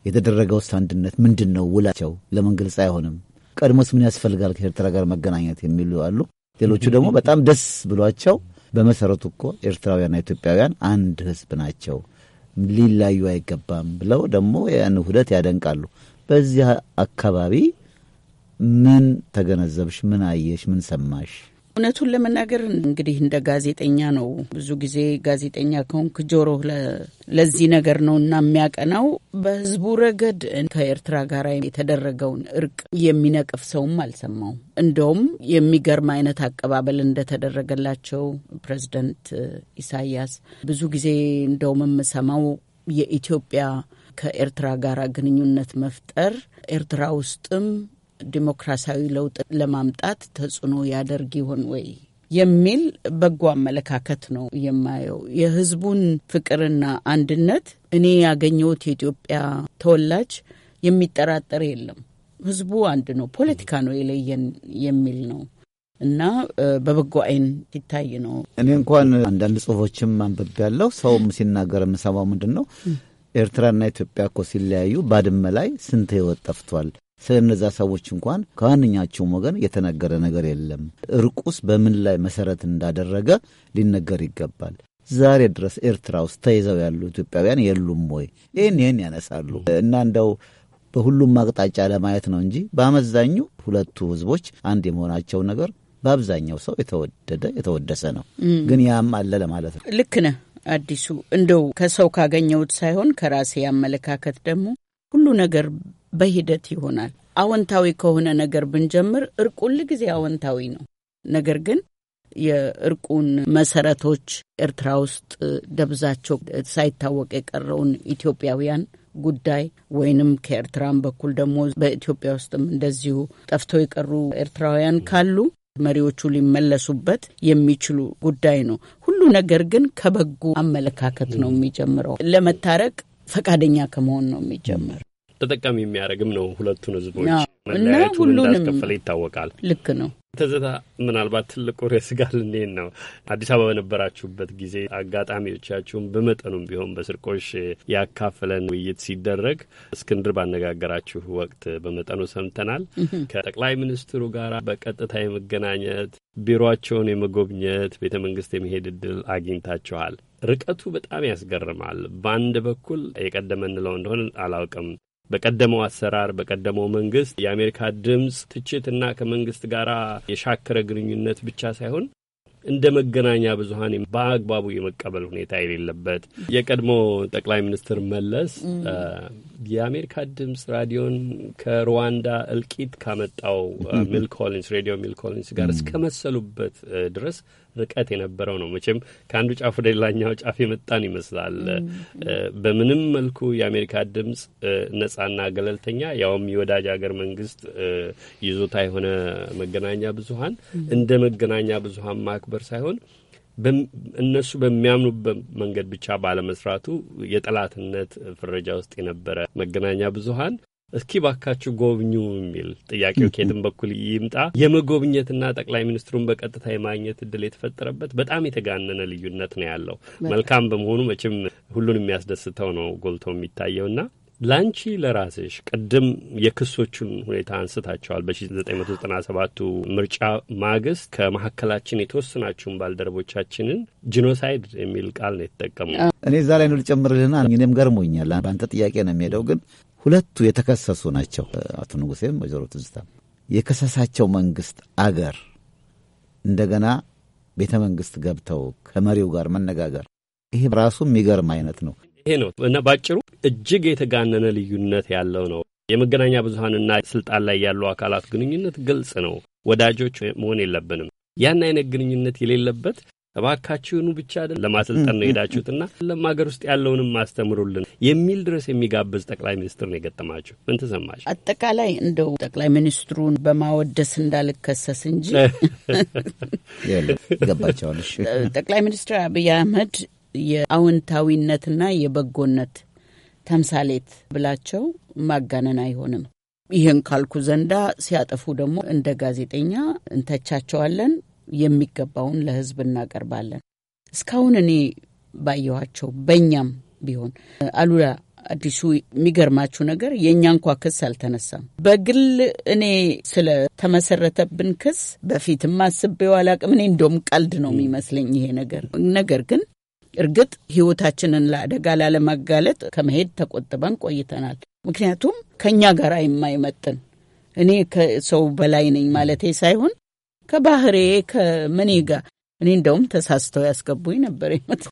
የተደረገውስ አንድነት ምንድን ነው? ውላቸው ለምን ግልጽ አይሆንም? ቀድሞስ ምን ያስፈልጋል ከኤርትራ ጋር መገናኘት የሚሉ አሉ። ሌሎቹ ደግሞ በጣም ደስ ብሏቸው በመሰረቱ እኮ ኤርትራውያንና ኢትዮጵያውያን አንድ ህዝብ ናቸው ሊላዩ አይገባም ብለው ደግሞ ያን ውህደት ያደንቃሉ። በዚህ አካባቢ ምን ተገነዘብሽ? ምን አየሽ? ምን ሰማሽ? እውነቱን ለመናገር እንግዲህ እንደ ጋዜጠኛ ነው። ብዙ ጊዜ ጋዜጠኛ ከሆንክ ጆሮ ለዚህ ነገር ነው እና የሚያቀናው። በህዝቡ ረገድ ከኤርትራ ጋር የተደረገውን እርቅ የሚነቅፍ ሰውም አልሰማውም። እንደውም የሚገርም አይነት አቀባበል እንደተደረገላቸው ፕሬዚደንት ኢሳያስ ብዙ ጊዜ እንደውም የምሰማው የኢትዮጵያ ከኤርትራ ጋር ግንኙነት መፍጠር ኤርትራ ውስጥም ዲሞክራሲያዊ ለውጥ ለማምጣት ተጽዕኖ ያደርግ ይሆን ወይ የሚል በጎ አመለካከት ነው የማየው። የህዝቡን ፍቅርና አንድነት እኔ ያገኘሁት የኢትዮጵያ ተወላጅ የሚጠራጠር የለም። ህዝቡ አንድ ነው፣ ፖለቲካ ነው የለየን የሚል ነው እና በበጎ አይን ሲታይ ነው። እኔ እንኳን አንዳንድ ጽሁፎችም አንብቤ ያለው ሰውም ሲናገር የምሰማው ምንድን ነው ኤርትራና ኢትዮጵያ እኮ ሲለያዩ ባድመ ላይ ስንት ህይወት ጠፍቷል ስለ እነዛ ሰዎች እንኳን ከዋነኛቸውም ወገን የተነገረ ነገር የለም። እርቁስ በምን ላይ መሰረት እንዳደረገ ሊነገር ይገባል። ዛሬ ድረስ ኤርትራ ውስጥ ተይዘው ያሉ ኢትዮጵያውያን የሉም ወይ? ይህን ይህን ያነሳሉ እና እንደው በሁሉም አቅጣጫ ለማየት ነው እንጂ በአመዛኙ ሁለቱ ህዝቦች አንድ የመሆናቸው ነገር በአብዛኛው ሰው የተወደደ የተወደሰ ነው። ግን ያም አለ ለማለት ነው። ልክ ነህ አዲሱ። እንደው ከሰው ካገኘሁት ሳይሆን ከራሴ አመለካከት ደግሞ ሁሉ ነገር በሂደት ይሆናል። አዎንታዊ ከሆነ ነገር ብንጀምር እርቁ ሁልጊዜ አዎንታዊ ነው። ነገር ግን የእርቁን መሰረቶች ኤርትራ ውስጥ ደብዛቸው ሳይታወቅ የቀረውን ኢትዮጵያውያን ጉዳይ ወይንም ከኤርትራም በኩል ደግሞ በኢትዮጵያ ውስጥም እንደዚሁ ጠፍተው የቀሩ ኤርትራውያን ካሉ መሪዎቹ ሊመለሱበት የሚችሉ ጉዳይ ነው። ሁሉ ነገር ግን ከበጎ አመለካከት ነው የሚጀምረው። ለመታረቅ ፈቃደኛ ከመሆን ነው የሚጀምረው። ተጠቃሚ የሚያደርግም ነው ሁለቱን ህዝቦች መለያየቱ እንዳስከፈለ ይታወቃል። ልክ ነው። ተዘታ ምናልባት ትልቁ ርዕስ ጋር ልንሄድ ነው። አዲስ አበባ በነበራችሁበት ጊዜ አጋጣሚዎቻችሁን በመጠኑም ቢሆን በስርቆሽ ያካፈለን ውይይት ሲደረግ እስክንድር ባነጋገራችሁ ወቅት በመጠኑ ሰምተናል። ከጠቅላይ ሚኒስትሩ ጋር በቀጥታ የመገናኘት ቢሮቸውን የመጎብኘት ቤተ መንግስት የመሄድ እድል አግኝታችኋል። ርቀቱ በጣም ያስገርማል። በአንድ በኩል የቀደመ እንለው እንደሆነ አላውቅም በቀደመው አሰራር በቀደመው መንግስት የአሜሪካ ድምፅ ትችትና ከመንግስት ጋር የሻከረ ግንኙነት ብቻ ሳይሆን እንደ መገናኛ ብዙኃን በአግባቡ የመቀበል ሁኔታ የሌለበት የቀድሞ ጠቅላይ ሚኒስትር መለስ የአሜሪካ ድምፅ ራዲዮን ከሩዋንዳ እልቂት ካመጣው ሚል ኮሊንስ ሬዲዮ ሚል ኮሊንስ ጋር እስከመሰሉበት ድረስ ርቀት የነበረው ነው። መቼም ከአንዱ ጫፍ ወደ ሌላኛው ጫፍ የመጣን ይመስላል። በምንም መልኩ የአሜሪካ ድምፅ ነጻና ገለልተኛ ያውም የወዳጅ ሀገር መንግስት ይዞታ የሆነ መገናኛ ብዙሀን እንደ መገናኛ ብዙሀን ማክበር ሳይሆን እነሱ በሚያምኑበት መንገድ ብቻ ባለመስራቱ የጠላትነት ፍረጃ ውስጥ የነበረ መገናኛ ብዙሀን እስኪ ባካችሁ ጎብኙ የሚል ጥያቄው ከየትም በኩል ይምጣ የመጎብኘትና ጠቅላይ ሚኒስትሩን በቀጥታ የማግኘት እድል የተፈጠረበት በጣም የተጋነነ ልዩነት ነው ያለው። መልካም በመሆኑ መቼም ሁሉን የሚያስደስተው ነው ጎልቶ የሚታየውና ላንቺ ለራስሽ ቅድም የክሶቹን ሁኔታ አንስታቸዋል። በ1997ቱ ምርጫ ማግስት ከመካከላችን የተወሰናችሁን ባልደረቦቻችንን ጂኖሳይድ የሚል ቃል ነው የተጠቀሙ። እኔ እዛ ላይ ነው ልጨምርልህና እኔም ገርሞኛል። በአንተ ጥያቄ ነው የሚሄደው ግን ሁለቱ የተከሰሱ ናቸው። አቶ ንጉሴም ወይዘሮ ትዝታ የከሰሳቸው መንግስት አገር እንደገና ቤተ መንግስት ገብተው ከመሪው ጋር መነጋገር ይሄ ራሱ የሚገርም አይነት ነው። ይሄ ነው እና ባጭሩ እጅግ የተጋነነ ልዩነት ያለው ነው። የመገናኛ ብዙሀንና ስልጣን ላይ ያሉ አካላት ግንኙነት ግልጽ ነው። ወዳጆች መሆን የለብንም። ያን አይነት ግንኙነት የሌለበት እባካችሁኑ ብቻ ለማሰልጠን ነው የሄዳችሁትና ለም ሀገር ውስጥ ያለውንም አስተምሩልን የሚል ድረስ የሚጋብዝ ጠቅላይ ሚኒስትር ነው የገጠማችሁ። ምን ተሰማች? አጠቃላይ እንደው ጠቅላይ ሚኒስትሩን በማወደስ እንዳልከሰስ እንጂ ጠቅላይ ሚኒስትር አብይ አህመድ የአዎንታዊነትና የበጎነት ተምሳሌት ብላቸው ማጋነን አይሆንም። ይህን ካልኩ ዘንዳ ሲያጠፉ ደግሞ እንደ ጋዜጠኛ እንተቻቸዋለን። የሚገባውን ለህዝብ እናቀርባለን። እስካሁን እኔ ባየኋቸው በእኛም ቢሆን አሉላ አዲሱ የሚገርማችሁ ነገር የእኛ እንኳ ክስ አልተነሳም። በግል እኔ ስለተመሰረተብን ክስ በፊትም አስቤው አላቅም። እኔ እንደውም ቀልድ ነው የሚመስለኝ ይሄ ነገር። ነገር ግን እርግጥ ህይወታችንን ለአደጋ ላለማጋለጥ ከመሄድ ተቆጥበን ቆይተናል። ምክንያቱም ከእኛ ጋር የማይመጥን እኔ ከሰው በላይ ነኝ ማለቴ ሳይሆን ከባህሬ ከመኔ ጋር እኔ እንደውም ተሳስተው ያስገቡኝ ነበር ይመት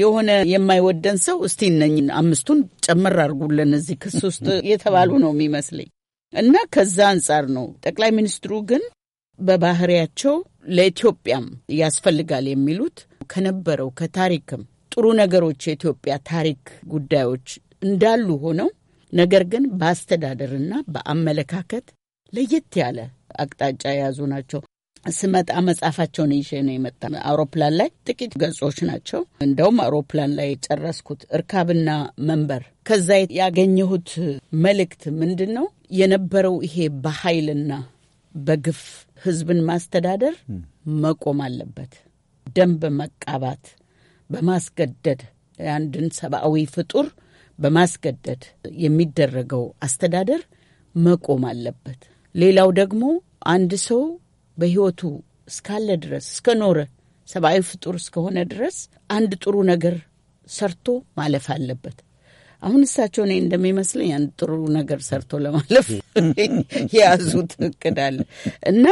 የሆነ የማይወደን ሰው እስቲ እነኝ አምስቱን ጨምር አድርጉልን እዚህ ክስ ውስጥ የተባሉ ነው የሚመስለኝ። እና ከዛ አንጻር ነው ጠቅላይ ሚኒስትሩ ግን በባህሪያቸው ለኢትዮጵያም ያስፈልጋል የሚሉት ከነበረው ከታሪክም ጥሩ ነገሮች የኢትዮጵያ ታሪክ ጉዳዮች እንዳሉ ሆነው ነገር ግን በአስተዳደርና በአመለካከት ለየት ያለ አቅጣጫ የያዙ ናቸው። ስመጣ መጽሐፋቸውን ይዤ ነው የመጣ። አውሮፕላን ላይ ጥቂት ገጾች ናቸው። እንደውም አውሮፕላን ላይ የጨረስኩት እርካብና መንበር። ከዛ ያገኘሁት መልእክት ምንድን ነው የነበረው? ይሄ በኃይልና በግፍ ህዝብን ማስተዳደር መቆም አለበት። ደም በመቃባት በማስገደድ አንድን ሰብአዊ ፍጡር በማስገደድ የሚደረገው አስተዳደር መቆም አለበት። ሌላው ደግሞ አንድ ሰው በህይወቱ እስካለ ድረስ እስከኖረ ሰብአዊ ፍጡር እስከሆነ ድረስ አንድ ጥሩ ነገር ሰርቶ ማለፍ አለበት። አሁን እሳቸው እኔ እንደሚመስለኝ አንድ ጥሩ ነገር ሰርቶ ለማለፍ የያዙት እቅድ አለ እና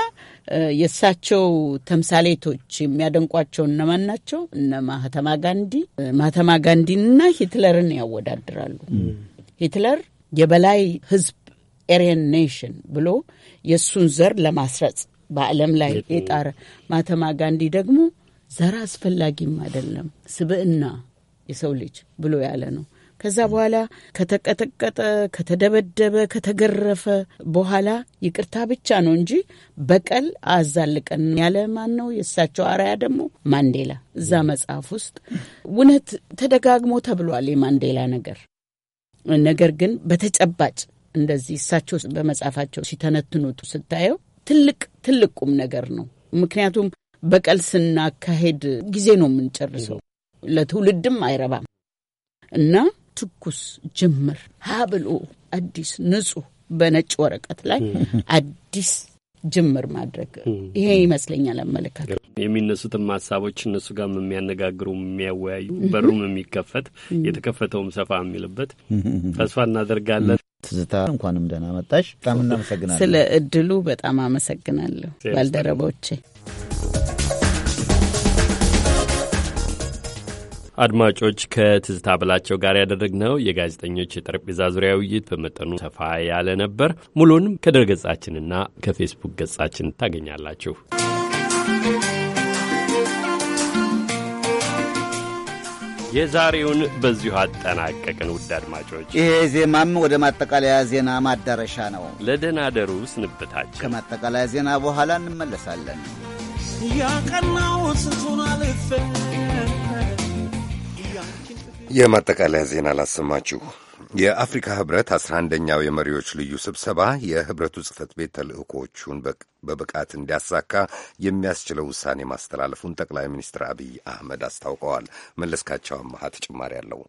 የእሳቸው ተምሳሌቶች የሚያደንቋቸው እነማን ናቸው? እነ ማህተማ ጋንዲ። ማህተማ ጋንዲንና ሂትለርን ያወዳድራሉ። ሂትለር የበላይ ህዝብ ኤሪየን ኔሽን ብሎ የእሱን ዘር ለማስረጽ በዓለም ላይ የጣረ ማተማ ጋንዲ ደግሞ ዘር አስፈላጊም አይደለም ስብዕና የሰው ልጅ ብሎ ያለ ነው። ከዛ በኋላ ከተቀጠቀጠ፣ ከተደበደበ፣ ከተገረፈ በኋላ ይቅርታ ብቻ ነው እንጂ በቀል አዛልቀን ያለ ማን ነው? የእሳቸው አርያ ደግሞ ማንዴላ። እዛ መጽሐፍ ውስጥ እውነት ተደጋግሞ ተብሏል የማንዴላ ነገር። ነገር ግን በተጨባጭ እንደዚህ እሳቸው በመጽሐፋቸው ሲተነትኑት ስታየው ትልቅ ትልቅ ቁም ነገር ነው። ምክንያቱም በቀል ስናካሄድ ጊዜ ነው የምንጨርሰው፣ ለትውልድም አይረባም እና ትኩስ ጅምር ብሎ አዲስ ንጹህ በነጭ ወረቀት ላይ አዲስ ጅምር ማድረግ ይሄ ይመስለኛል አመለካከት። የሚነሱትም ሀሳቦች እነሱ ጋር የሚያነጋግሩ የሚያወያዩ፣ በሩም የሚከፈት የተከፈተውም ሰፋ የሚልበት ተስፋ እናደርጋለን። ትዝታ እንኳንም ደህና መጣሽ። በጣም እናመሰግናለን። ስለ እድሉ በጣም አመሰግናለሁ ባልደረቦቼ። አድማጮች ከትዝታ ብላቸው ጋር ያደረግነው የጋዜጠኞች የጠረጴዛ ዙሪያ ውይይት በመጠኑ ሰፋ ያለ ነበር። ሙሉንም ከድረ ገጻችንና ከፌስቡክ ገጻችን ታገኛላችሁ። የዛሬውን በዚሁ አጠናቀቅን። ውድ አድማጮች፣ ይሄ ዜማም ወደ ማጠቃለያ ዜና ማዳረሻ ነው። ለደናደሩ ስንብታችን ከማጠቃለያ ዜና በኋላ እንመለሳለን። ያቀናው ስቱን አልፌ የማጠቃለያ ዜና ላሰማችሁ። የአፍሪካ ህብረት አስራ አንደኛው የመሪዎች ልዩ ስብሰባ የህብረቱ ጽህፈት ቤት ተልእኮቹን በብቃት እንዲያሳካ የሚያስችለው ውሳኔ ማስተላለፉን ጠቅላይ ሚኒስትር አብይ አህመድ አስታውቀዋል። መለስካቸው አመሃ ተጨማሪ አለው።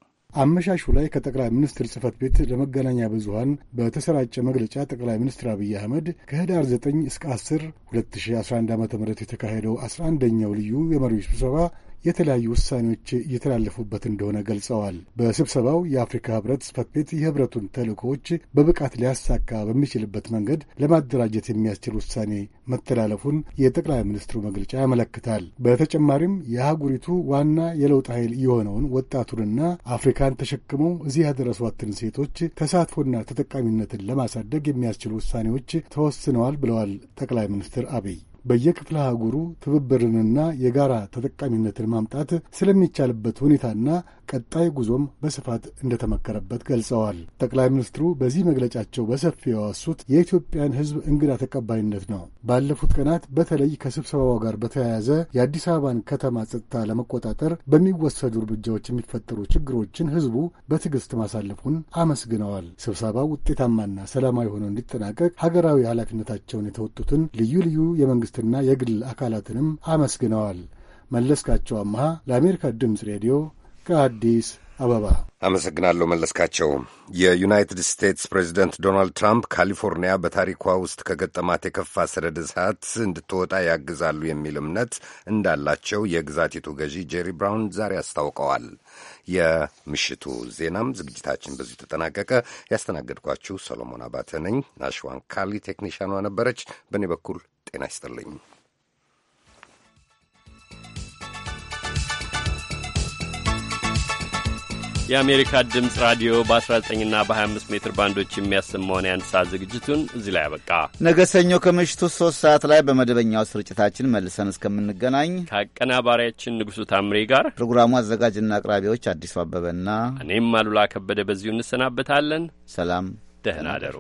አመሻሹ ላይ ከጠቅላይ ሚኒስትር ጽህፈት ቤት ለመገናኛ ብዙሀን በተሰራጨ መግለጫ ጠቅላይ ሚኒስትር አብይ አህመድ ከህዳር 9 እስከ 10 2011 ዓ ም የተካሄደው 11ኛው ልዩ የመሪዎች ስብሰባ የተለያዩ ውሳኔዎች እየተላለፉበት እንደሆነ ገልጸዋል። በስብሰባው የአፍሪካ ህብረት ጽህፈት ቤት የህብረቱን ተልእኮዎች በብቃት ሊያሳካ በሚችልበት መንገድ ለማደራጀት የሚያስችል ውሳኔ መተላለፉን የጠቅላይ ሚኒስትሩ መግለጫ ያመለክታል። በተጨማሪም የአህጉሪቱ ዋና የለውጥ ኃይል የሆነውን ወጣቱንና አፍሪካን ተሸክመው እዚህ ያደረሷትን ሴቶች ተሳትፎና ተጠቃሚነትን ለማሳደግ የሚያስችሉ ውሳኔዎች ተወስነዋል ብለዋል ጠቅላይ ሚኒስትር አብይ በየክፍለ አህጉሩ ትብብርንና የጋራ ተጠቃሚነትን ማምጣት ስለሚቻልበት ሁኔታና ቀጣይ ጉዞም በስፋት እንደተመከረበት ገልጸዋል። ጠቅላይ ሚኒስትሩ በዚህ መግለጫቸው በሰፊው ያወሱት የኢትዮጵያን ሕዝብ እንግዳ ተቀባይነት ነው። ባለፉት ቀናት በተለይ ከስብሰባው ጋር በተያያዘ የአዲስ አበባን ከተማ ጸጥታ ለመቆጣጠር በሚወሰዱ እርምጃዎች የሚፈጠሩ ችግሮችን ሕዝቡ በትዕግስት ማሳለፉን አመስግነዋል። ስብሰባው ውጤታማና ሰላማዊ ሆኖ እንዲጠናቀቅ ሀገራዊ ኃላፊነታቸውን የተወጡትን ልዩ ልዩ የመንግስትና የግል አካላትንም አመስግነዋል። መለስካቸው አምሃ ለአሜሪካ ድምፅ ሬዲዮ ከአዲስ አበባ አመሰግናለሁ መለስካቸው። የዩናይትድ ስቴትስ ፕሬዚደንት ዶናልድ ትራምፕ ካሊፎርኒያ በታሪኳ ውስጥ ከገጠማት የከፋ ሰደድ እሳት እንድትወጣ ያግዛሉ የሚል እምነት እንዳላቸው የግዛቲቱ ገዢ ጄሪ ብራውን ዛሬ አስታውቀዋል። የምሽቱ ዜናም ዝግጅታችን በዚሁ ተጠናቀቀ። ያስተናገድኳችሁ ሰሎሞን አባተ ነኝ። ናሽዋን ካሊ ቴክኒሽያኗ ነበረች። በእኔ በኩል ጤና ይስጥልኝ። የአሜሪካ ድምፅ ራዲዮ በ19 ና በ25 ሜትር ባንዶች የሚያሰማውን የአንድ ሰዓት ዝግጅቱን እዚህ ላይ ያበቃ። ነገ ሰኞ ከምሽቱ ሶስት ሰዓት ላይ በመደበኛው ስርጭታችን መልሰን እስከምንገናኝ ከአቀናባሪያችን ንጉሱ ታምሬ ጋር ፕሮግራሙ አዘጋጅና አቅራቢዎች አዲሱ አበበና እኔም አሉላ ከበደ በዚሁ እንሰናበታለን። ሰላም፣ ደህና አደሩ።